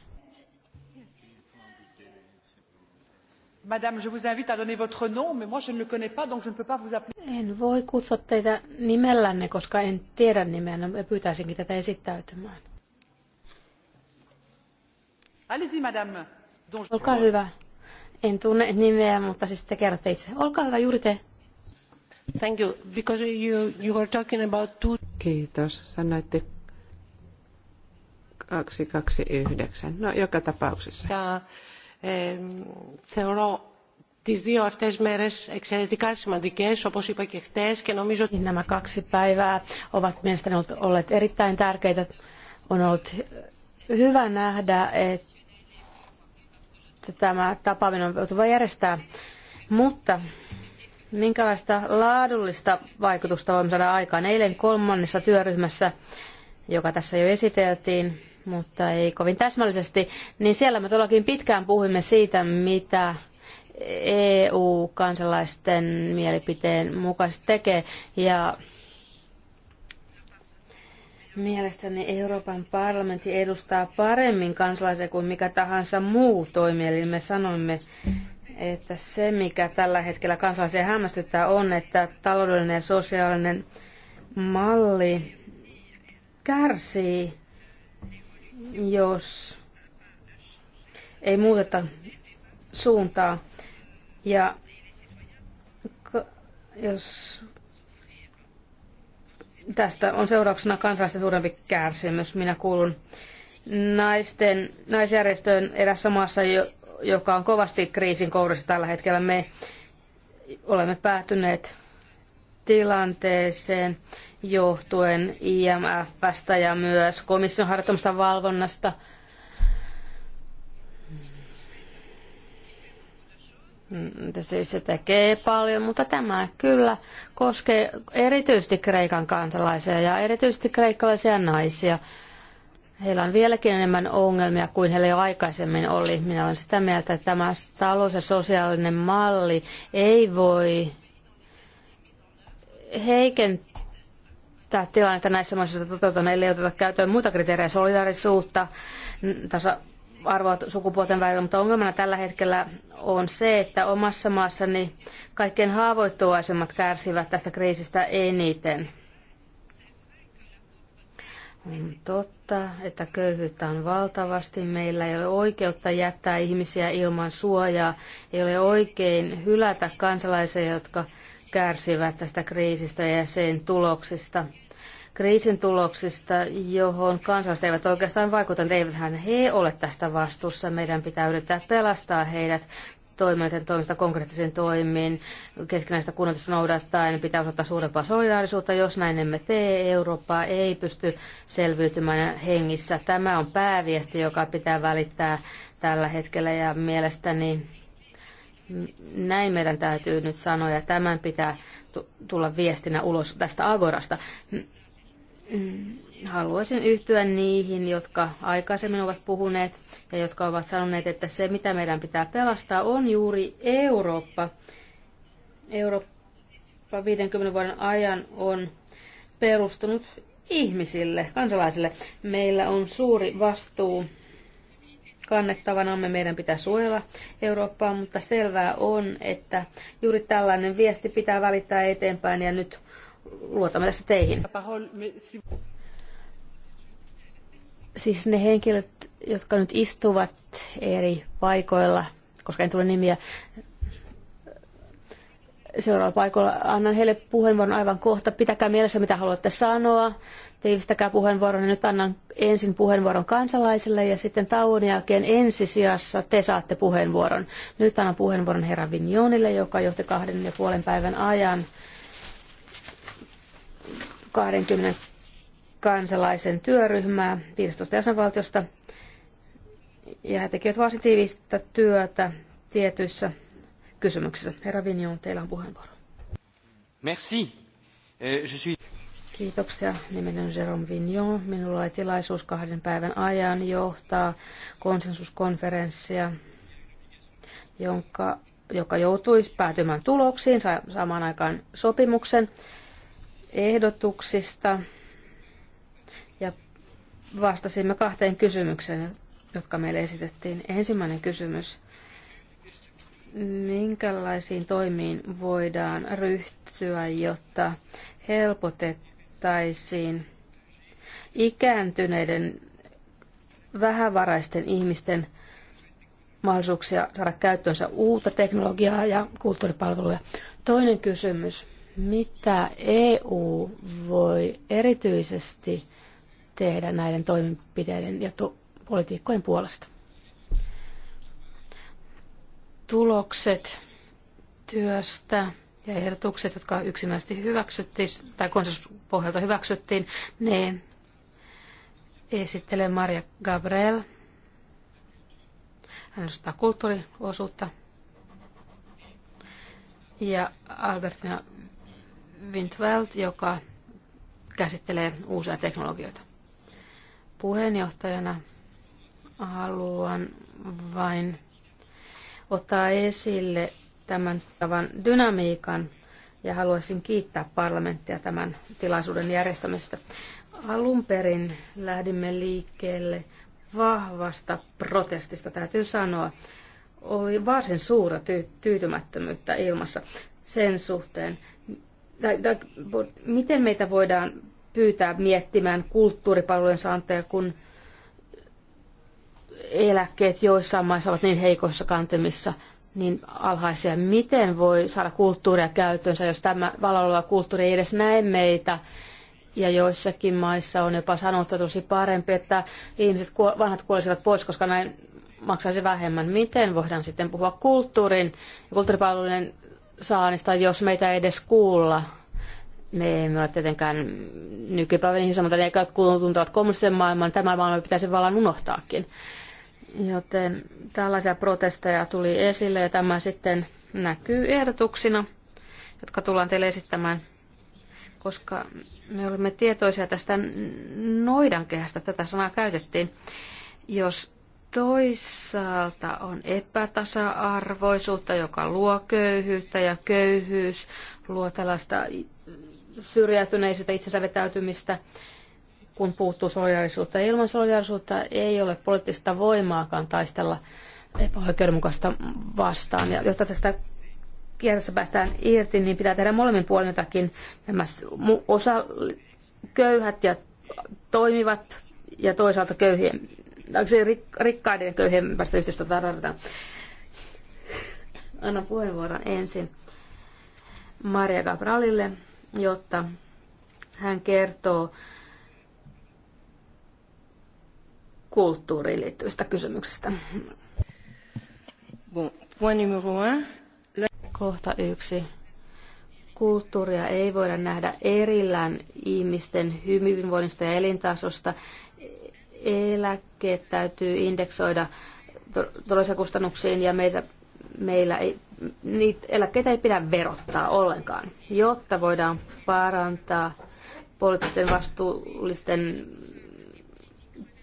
Speaker 1: Madame, je vous invite à donner votre nom, mais moi je ne le connais pas, donc je ne peux pas vous appeler.
Speaker 2: En voi kutsua teitä nimellänne, koska en tiedä nimeänne ja pyytäisinkin tätä esittäytymään.
Speaker 1: Allez-y, madame.
Speaker 2: Olkaa hyvä. En tunne nimeä, mutta siis te kerrotte itse. Olkaa hyvä, juuri te. Thank you.
Speaker 3: Because you, you were talking about two... Kiitos. Sanoitte 229. No, joka tapauksessa. Ja, ε, θεωρώ τις δύο αυτές μέρες εξαιρετικά σημαντικές, όπως είπα και χτες,
Speaker 2: και νομίζω... Niin nämä kaksi päivää ovat mielestäni olleet erittäin tärkeitä. On ollut hyvä nähdä, että tämä tapaaminen on voitu järjestää. Mutta minkälaista laadullista vaikutusta voimme saada aikaan? Eilen kolmannessa työryhmässä, joka tässä jo esiteltiin, mutta ei kovin täsmällisesti, niin siellä me todellakin pitkään puhuimme siitä, mitä EU-kansalaisten mielipiteen mukaisesti tekee. Ja Mielestäni Euroopan parlamentti edustaa paremmin kansalaisia kuin mikä tahansa muu toimielin. Me sanoimme, että se mikä tällä hetkellä kansalaisia hämmästyttää on, että taloudellinen ja sosiaalinen malli kärsii, jos ei muuteta suuntaa. Ja jos Tästä on seurauksena kansalaisten suurempi kärsimys. Minä kuulun naisten, naisjärjestöön erässä maassa, joka on kovasti kriisin kourissa tällä hetkellä. Me olemme päätyneet tilanteeseen johtuen IMFstä ja myös komission harjoittamasta valvonnasta – Siis se tekee paljon, mutta tämä kyllä koskee erityisesti Kreikan kansalaisia ja erityisesti kreikkalaisia naisia. Heillä on vieläkin enemmän ongelmia kuin heillä jo aikaisemmin oli. Minä olen sitä mieltä, että tämä talous- ja sosiaalinen malli ei voi heikentää tilannetta näissä maissa, että toteutetaan, ellei oteta käyttöön muita kriteerejä, solidaarisuutta, tasa, arvot sukupuolten välillä, mutta ongelmana tällä hetkellä on se, että omassa maassani kaikkein haavoittuvaisemmat kärsivät tästä kriisistä eniten. On totta, että köyhyyttä on valtavasti. Meillä ei ole oikeutta jättää ihmisiä ilman suojaa. Ei ole oikein hylätä kansalaisia, jotka kärsivät tästä kriisistä ja sen tuloksista kriisin tuloksista, johon kansalaiset eivät oikeastaan vaikuta. Eiväthän he ole tästä vastuussa. Meidän pitää yrittää pelastaa heidät toimijoiden toimista konkreettisiin toimiin, keskinäistä kunnioitusta noudattaen pitää osoittaa suurempaa solidaarisuutta. Jos näin emme tee, Eurooppa ei pysty selviytymään hengissä. Tämä on pääviesti, joka pitää välittää tällä hetkellä ja mielestäni näin meidän täytyy nyt sanoa ja tämän pitää tulla viestinä ulos tästä Agorasta haluaisin yhtyä niihin, jotka aikaisemmin ovat puhuneet ja jotka ovat sanoneet, että se mitä meidän pitää pelastaa on juuri Eurooppa. Eurooppa 50 vuoden ajan on perustunut ihmisille, kansalaisille. Meillä on suuri vastuu kannettavanamme. Meidän pitää suojella Eurooppaa, mutta selvää on, että juuri tällainen viesti pitää välittää eteenpäin ja nyt luotamme tässä teihin. Siis ne henkilöt, jotka nyt istuvat eri paikoilla, koska en tule nimiä, seuraavalla paikalla. Annan heille puheenvuoron aivan kohta. Pitäkää mielessä, mitä haluatte sanoa. Teivistäkää puheenvuoron. Nyt annan ensin puheenvuoron kansalaisille ja sitten tauon jälkeen ensisijassa te saatte puheenvuoron. Nyt annan puheenvuoron herra Vignonille, joka johti kahden ja puolen päivän ajan 20 kansalaisen työryhmää 15 jäsenvaltiosta, ja he tekevät varsin tiivistä työtä tietyissä kysymyksissä. Herra Vinjon, teillä on puheenvuoro.
Speaker 1: Merci. Euh, je suis...
Speaker 2: Kiitoksia. Nimeni on Jerome Vignon. Minulla oli tilaisuus kahden päivän ajan johtaa konsensuskonferenssia, jonka, joka joutui päätymään tuloksiin, saamaan aikaan sopimuksen ehdotuksista ja vastasimme kahteen kysymykseen, jotka meille esitettiin. Ensimmäinen kysymys. Minkälaisiin toimiin voidaan ryhtyä, jotta helpotettaisiin ikääntyneiden vähävaraisten ihmisten mahdollisuuksia saada käyttöönsä uutta teknologiaa ja kulttuuripalveluja? Toinen kysymys mitä EU voi erityisesti tehdä näiden toimenpiteiden ja to- politiikkojen puolesta? Tulokset työstä ja ehdotukset, jotka yksinäisesti hyväksyttiin tai konsensuspohjalta hyväksyttiin, ne esittelee Maria Gabriel. Hän edustaa kulttuuriosuutta. Ja Albertina Wintveld, joka käsittelee uusia teknologioita. Puheenjohtajana haluan vain ottaa esille tämän tavan dynamiikan ja haluaisin kiittää parlamenttia tämän tilaisuuden järjestämisestä. Alun perin lähdimme liikkeelle vahvasta protestista, täytyy sanoa. Oli varsin suura tyytymättömyyttä ilmassa sen suhteen, tai, tai, miten meitä voidaan pyytää miettimään kulttuuripalvelujen saanteja, kun eläkkeet joissain maissa ovat niin heikoissa kantemissa, niin alhaisia. Miten voi saada kulttuuria käyttöönsä, jos tämä valolla kulttuuri ei edes näe meitä? Ja joissakin maissa on jopa sanottu, että parempi, että ihmiset, vanhat kuolisivat pois, koska näin maksaisi vähemmän. Miten voidaan sitten puhua kulttuurin ja kulttuuripalvelujen saannista, jos meitä ei edes kuulla. Me emme ole tietenkään nykypäivän ihmisiä, mutta ne tuntuvat kommunistisen maailman. Tämä maailma pitäisi vallan unohtaakin. Joten tällaisia protesteja tuli esille ja tämä sitten näkyy ehdotuksina, jotka tullaan teille esittämään, koska me olemme tietoisia tästä noidankehästä, tätä sanaa käytettiin. Jos Toisaalta on epätasa-arvoisuutta, joka luo köyhyyttä ja köyhyys luo tällaista syrjäytyneisyyttä, itsensä vetäytymistä, kun puuttuu solidaarisuutta. Ilman solidaarisuutta ei ole poliittista voimaakaan taistella epäoikeudenmukaista vastaan. Ja jotta tästä kierrossa päästään irti, niin pitää tehdä molemmin puolin jotakin. Nämä osa köyhät ja toimivat ja toisaalta köyhien rik, rikkaiden ja köyhemmästä yhteistä tarvitaan. Anna puheenvuoro ensin Maria Gabralille, jotta hän kertoo kulttuuriin liittyvistä kysymyksistä. Bon, point un. Kohta yksi. Kulttuuria ei voida nähdä erillään ihmisten hyvinvoinnista ja elintasosta eläkkeet täytyy indeksoida todellisiin kustannuksiin ja meitä, meillä ei, niitä eläkkeitä ei pidä verottaa ollenkaan, jotta voidaan parantaa poliittisten vastuullisten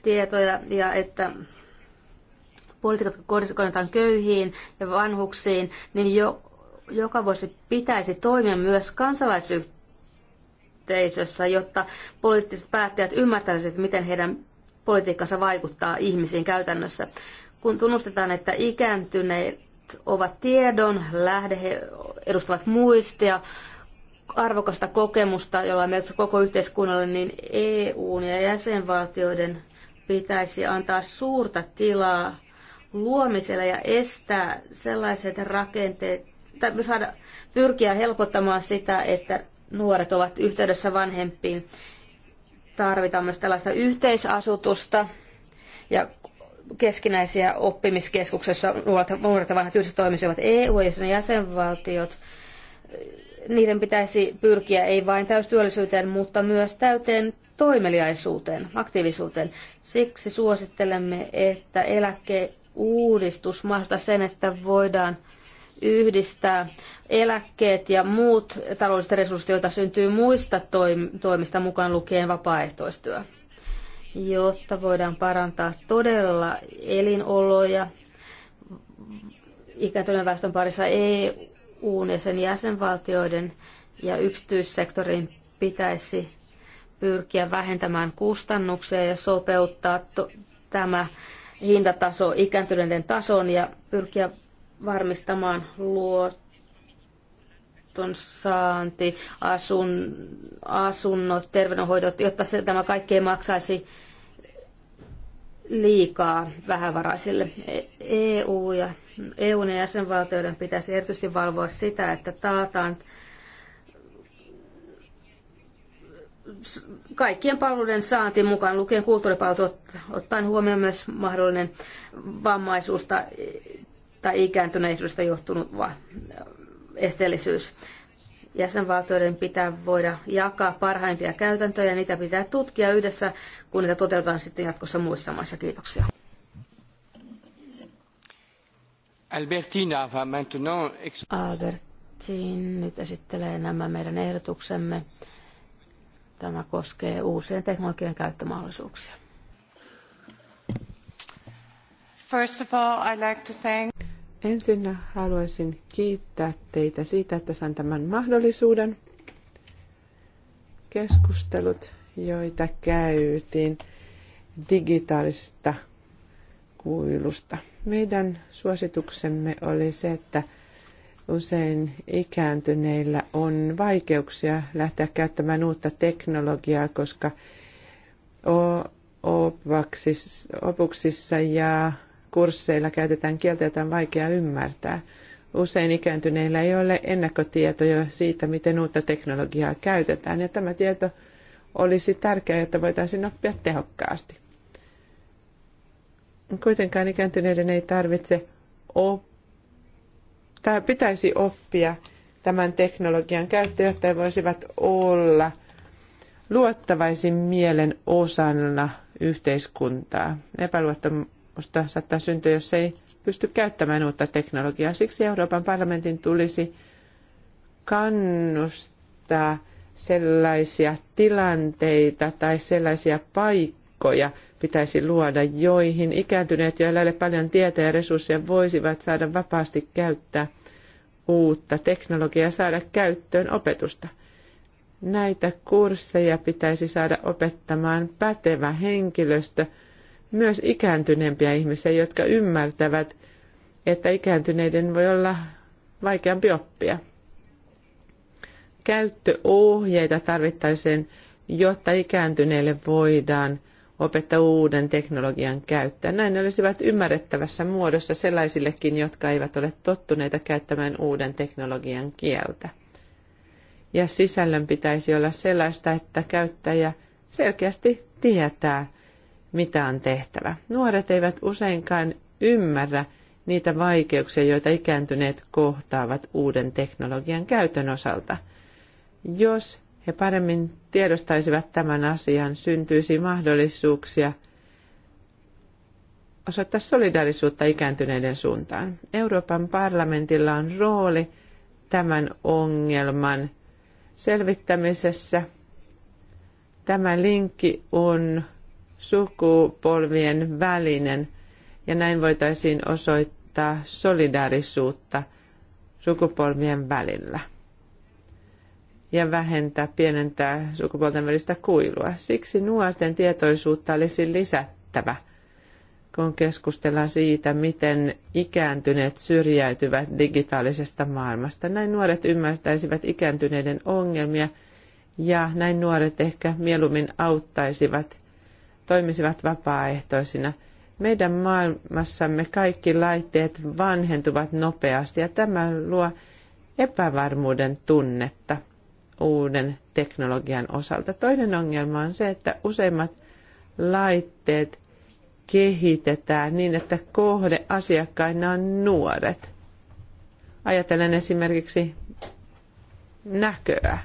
Speaker 2: tietoja ja että poliitikot kohdennetaan köyhiin ja vanhuksiin, niin jo, joka vuosi pitäisi toimia myös kansalaisyhteisössä, jotta poliittiset päättäjät ymmärtäisivät, miten heidän politiikkansa vaikuttaa ihmisiin käytännössä. Kun tunnustetaan, että ikääntyneet ovat tiedon lähde, he edustavat muistia, arvokasta kokemusta, jolla on merkitys koko yhteiskunnalle, niin EUn ja jäsenvaltioiden pitäisi antaa suurta tilaa luomiselle ja estää sellaiset rakenteet, tai saada pyrkiä helpottamaan sitä, että nuoret ovat yhteydessä vanhempiin Tarvitaan myös tällaista yhteisasutusta ja keskinäisiä oppimiskeskuksessa nuoret ja vanhat yhdessä toimisivat EU ja sen jäsenvaltiot. Niiden pitäisi pyrkiä ei vain täystyöllisyyteen, mutta myös täyteen toimeliaisuuteen, aktiivisuuteen. Siksi suosittelemme, että eläkeuudistus mahdollistaa sen, että voidaan yhdistää eläkkeet ja muut taloudelliset resurssit, joita syntyy muista toimista mukaan lukien vapaaehtoistyö, jotta voidaan parantaa todella elinoloja ikääntyneen väestön parissa EUn ja sen jäsenvaltioiden ja yksityissektorin pitäisi pyrkiä vähentämään kustannuksia ja sopeuttaa tämä hintataso ikääntyneiden tasoon ja pyrkiä varmistamaan luoton saanti, asun, asunnot, terveydenhoidot, jotta se, tämä kaikki ei maksaisi liikaa vähävaraisille. EU e ja EUn ja jäsenvaltioiden pitäisi erityisesti valvoa sitä, että taataan kaikkien palveluiden saanti mukaan lukien kulttuuripalvelut ottaen huomioon myös mahdollinen vammaisuus tai tai ikääntyneisyydestä johtunut va esteellisyys. Jäsenvaltioiden pitää voida jakaa parhaimpia käytäntöjä ja niitä pitää tutkia yhdessä, kun niitä toteutetaan sitten jatkossa muissa maissa. Kiitoksia. Albertina, maintenant... Albertin nyt esittelee nämä meidän ehdotuksemme. Tämä koskee uusien teknologian käyttömahdollisuuksia.
Speaker 3: First of all, I'd like to thank... Ensin haluaisin kiittää teitä siitä, että sain tämän mahdollisuuden. Keskustelut, joita käytiin digitaalista kuilusta. Meidän suosituksemme oli se, että usein ikääntyneillä on vaikeuksia lähteä käyttämään uutta teknologiaa, koska opuksissa ja kursseilla käytetään kieltä, jota on vaikea ymmärtää. Usein ikääntyneillä ei ole ennakkotietoja siitä, miten uutta teknologiaa käytetään, ja tämä tieto olisi tärkeää, että voitaisiin oppia tehokkaasti. Kuitenkaan ikääntyneiden ei tarvitse op- tai pitäisi oppia tämän teknologian käyttö, jotta he voisivat olla luottavaisin mielen osana yhteiskuntaa. Epäluottamus Musta saattaa syntyä, jos ei pysty käyttämään uutta teknologiaa. Siksi Euroopan parlamentin tulisi kannustaa sellaisia tilanteita tai sellaisia paikkoja pitäisi luoda, joihin ikääntyneet, joilla ei ole paljon tietoja ja resursseja, voisivat saada vapaasti käyttää uutta teknologiaa ja saada käyttöön opetusta. Näitä kursseja pitäisi saada opettamaan pätevä henkilöstö – myös ikääntyneempiä ihmisiä, jotka ymmärtävät, että ikääntyneiden voi olla vaikeampi oppia. Käyttöohjeita tarvittaisiin, jotta ikääntyneille voidaan opettaa uuden teknologian käyttöä. Näin ne olisivat ymmärrettävässä muodossa sellaisillekin, jotka eivät ole tottuneita käyttämään uuden teknologian kieltä. Ja sisällön pitäisi olla sellaista, että käyttäjä selkeästi tietää, mitä on tehtävä. Nuoret eivät useinkaan ymmärrä niitä vaikeuksia, joita ikääntyneet kohtaavat uuden teknologian käytön osalta. Jos he paremmin tiedostaisivat tämän asian, syntyisi mahdollisuuksia osoittaa solidaarisuutta ikääntyneiden suuntaan. Euroopan parlamentilla on rooli tämän ongelman selvittämisessä. Tämä linkki on sukupolvien välinen ja näin voitaisiin osoittaa solidaarisuutta sukupolvien välillä ja vähentää, pienentää sukupuolten välistä kuilua. Siksi nuorten tietoisuutta olisi lisättävä, kun keskustellaan siitä, miten ikääntyneet syrjäytyvät digitaalisesta maailmasta. Näin nuoret ymmärtäisivät ikääntyneiden ongelmia ja näin nuoret ehkä mieluummin auttaisivat – toimisivat vapaaehtoisina. Meidän maailmassamme kaikki laitteet vanhentuvat nopeasti ja tämä luo epävarmuuden tunnetta uuden teknologian osalta. Toinen ongelma on se, että useimmat laitteet kehitetään niin, että kohde asiakkaina on nuoret. Ajatellen esimerkiksi näköä.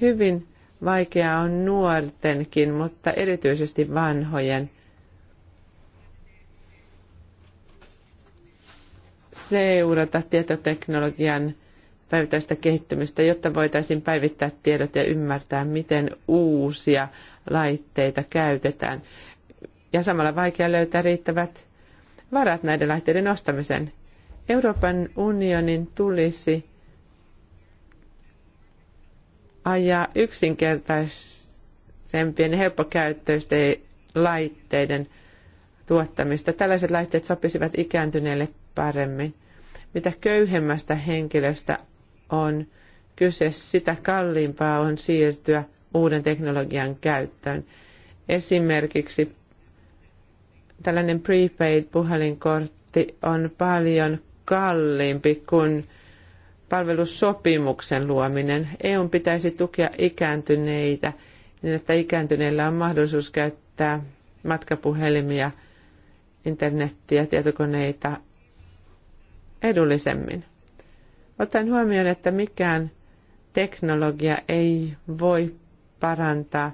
Speaker 3: Hyvin Vaikeaa on nuortenkin, mutta erityisesti vanhojen. Seurata tietoteknologian päivittäistä kehittymistä, jotta voitaisiin päivittää tiedot ja ymmärtää, miten uusia laitteita käytetään. Ja samalla vaikea löytää riittävät varat näiden laitteiden ostamisen. Euroopan unionin tulisi ajaa yksinkertaisempien helppokäyttöisten laitteiden tuottamista. Tällaiset laitteet sopisivat ikääntyneille paremmin. Mitä köyhemmästä henkilöstä on kyse, sitä kalliimpaa on siirtyä uuden teknologian käyttöön. Esimerkiksi tällainen prepaid puhelinkortti on paljon kalliimpi kuin Palvelussopimuksen luominen. EUn pitäisi tukea ikääntyneitä niin, että ikääntyneillä on mahdollisuus käyttää matkapuhelimia, internettiä, tietokoneita edullisemmin. Otan huomioon, että mikään teknologia ei voi parantaa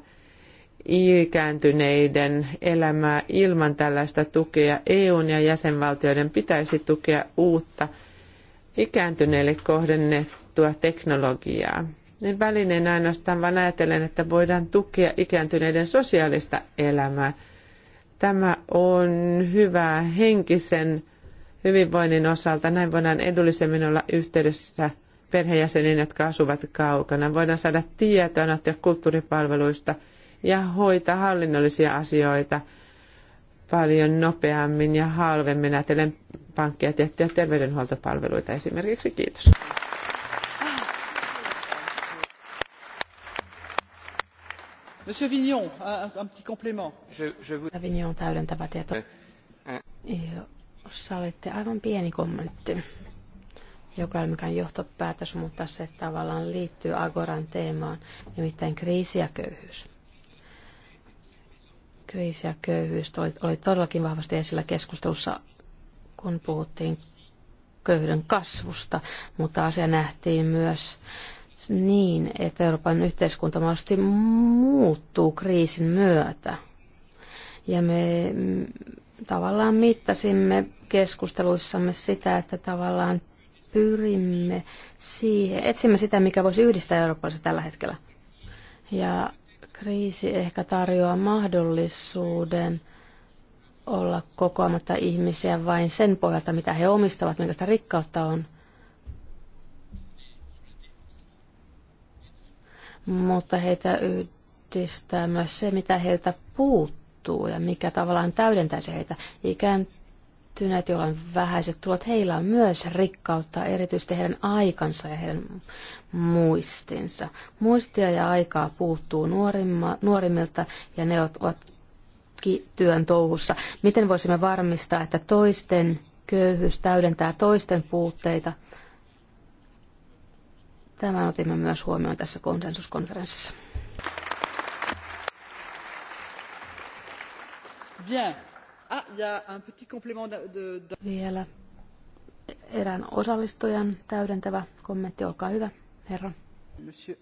Speaker 3: ikääntyneiden elämää ilman tällaista tukea. EUn ja jäsenvaltioiden pitäisi tukea uutta ikääntyneille kohdennettua teknologiaa. Niin välineen ainoastaan vaan ajatellen, että voidaan tukea ikääntyneiden sosiaalista elämää. Tämä on hyvä henkisen hyvinvoinnin osalta. Näin voidaan edullisemmin olla yhteydessä perheenjäseniin, jotka asuvat kaukana. Voidaan saada tietoa ja kulttuuripalveluista ja hoitaa hallinnollisia asioita – paljon nopeammin ja halvemmin Ajattelen pankkia tiettyjä terveydenhuoltopalveluita esimerkiksi. Kiitos.
Speaker 1: Monsieur Vignon, un, un petit complément. Je, je vous...
Speaker 2: Vignon täydentävä tieto. Eh, eh. Jos olette aivan pieni kommentti, joka ei ole mikään johtopäätös, mutta se tavallaan liittyy Agoran teemaan, nimittäin kriisi ja köyhyys kriisi ja köyhyys oli, oli todellakin vahvasti esillä keskustelussa, kun puhuttiin köyhyyden kasvusta, mutta asia nähtiin myös niin, että Euroopan yhteiskunta mahdollisesti muuttuu kriisin myötä. Ja me tavallaan mittasimme keskusteluissamme sitä, että tavallaan pyrimme siihen, etsimme sitä, mikä voisi yhdistää eurooppalaisia tällä hetkellä. Ja Kriisi ehkä tarjoaa mahdollisuuden olla kokoamatta ihmisiä vain sen pohjalta, mitä he omistavat, sitä rikkautta on. Mutta heitä yhdistää myös se, mitä heiltä puuttuu ja mikä tavallaan täydentäisi heitä. Ikään köyhtyneet, joilla on vähäiset tulot, heillä on myös rikkautta, erityisesti heidän aikansa ja heidän muistinsa. Muistia ja aikaa puuttuu nuorimma, nuorimmilta ja ne ovat työn touhussa. Miten voisimme varmistaa, että toisten köyhyys täydentää toisten puutteita? Tämän otimme myös huomioon tässä konsensuskonferenssissa.
Speaker 1: Bien. Ah,
Speaker 2: Vielä erään osallistujan täydentävä kommentti. Olkaa hyvä, herra. Monsieur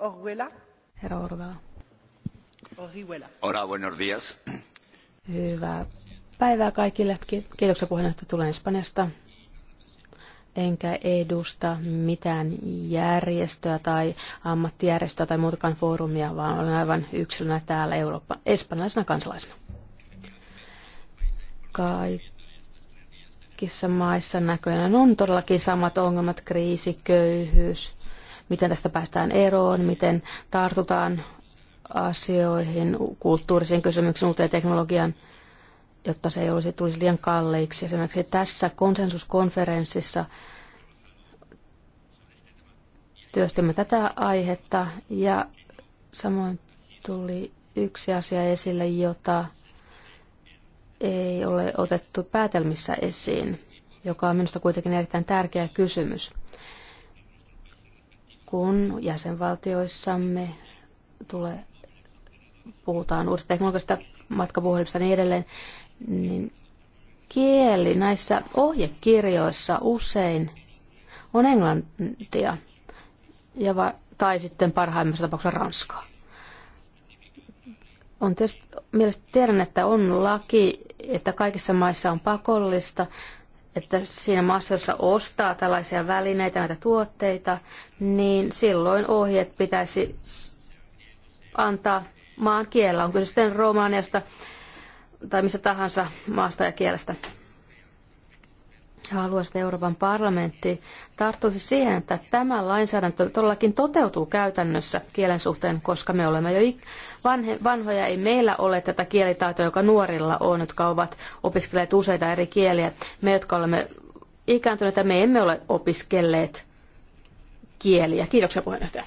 Speaker 2: Herra
Speaker 1: Hola, buenos días.
Speaker 2: Hyvää päivää kaikille. Kiitoksia puheenjohtaja. Tulen Espanjasta. Enkä edusta mitään järjestöä tai ammattijärjestöä tai muutakaan foorumia, vaan olen aivan yksilönä täällä Eurooppa, espanjalaisena kansalaisena kaikissa maissa näköjään on todellakin samat ongelmat, kriisi, köyhyys, miten tästä päästään eroon, miten tartutaan asioihin, kulttuurisiin kysymyksiin, uuteen teknologian, jotta se ei olisi, tulisi liian kalliiksi. Esimerkiksi tässä konsensuskonferenssissa työstimme tätä aihetta ja samoin tuli yksi asia esille, jota ei ole otettu päätelmissä esiin, joka on minusta kuitenkin erittäin tärkeä kysymys. Kun jäsenvaltioissamme tulee, puhutaan uudesta teknologisesta matkapuhelimista ja niin edelleen, niin kieli näissä ohjekirjoissa usein on englantia ja va- tai sitten parhaimmassa tapauksessa ranskaa. On tietysti, mielestäni tiedän, että on laki, että kaikissa maissa on pakollista, että siinä maassa, jossa ostaa tällaisia välineitä, näitä tuotteita, niin silloin ohjeet pitäisi antaa maan kielellä. On kyse sitten romaniasta tai missä tahansa maasta ja kielestä haluaisin, että Euroopan parlamentti tarttuisi siihen, että tämä lainsäädäntö todellakin toteutuu käytännössä kielen suhteen, koska me olemme jo vanhe, vanhoja, ei meillä ole tätä kielitaitoa, joka nuorilla on, jotka ovat opiskelleet useita eri kieliä. Me, jotka olemme ikääntyneitä, me emme ole opiskelleet kieliä. Kiitoksia puheenjohtaja.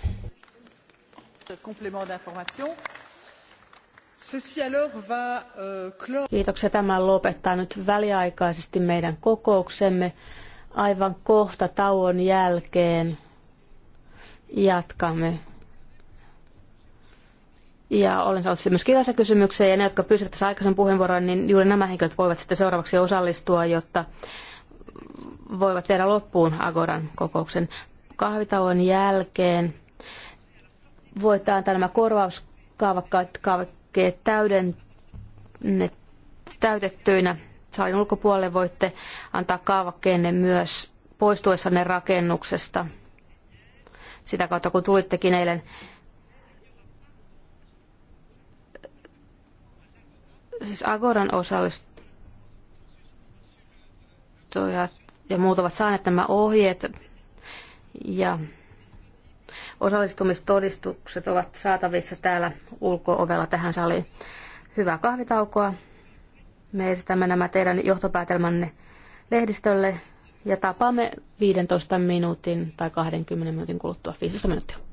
Speaker 1: Euh, Kiitoksia.
Speaker 2: Tämä lopettaa nyt väliaikaisesti meidän kokouksemme. Aivan kohta tauon jälkeen jatkamme. Ja olen saanut myös kirjallisia kysymyksiä, ja ne, jotka pysyvät tässä aikaisen puheenvuoron, niin juuri nämä henkilöt voivat sitten seuraavaksi osallistua, jotta voivat viedä loppuun Agoran kokouksen kahvitauon jälkeen. Voitaan nämä korvauskaavakkeet hankkeet täyden, täytettyinä salin ulkopuolelle voitte antaa kaavakkeenne myös poistuessanne rakennuksesta. Sitä kautta kun tulittekin eilen siis Agoran osallistujat ja muut ovat saaneet nämä ohjeet ja Osallistumistodistukset ovat saatavissa täällä ulkoovella tähän saliin. Hyvää kahvitaukoa. Me esitämme nämä teidän johtopäätelmänne lehdistölle ja tapaamme 15 minuutin tai 20 minuutin kuluttua, 15 minuuttia.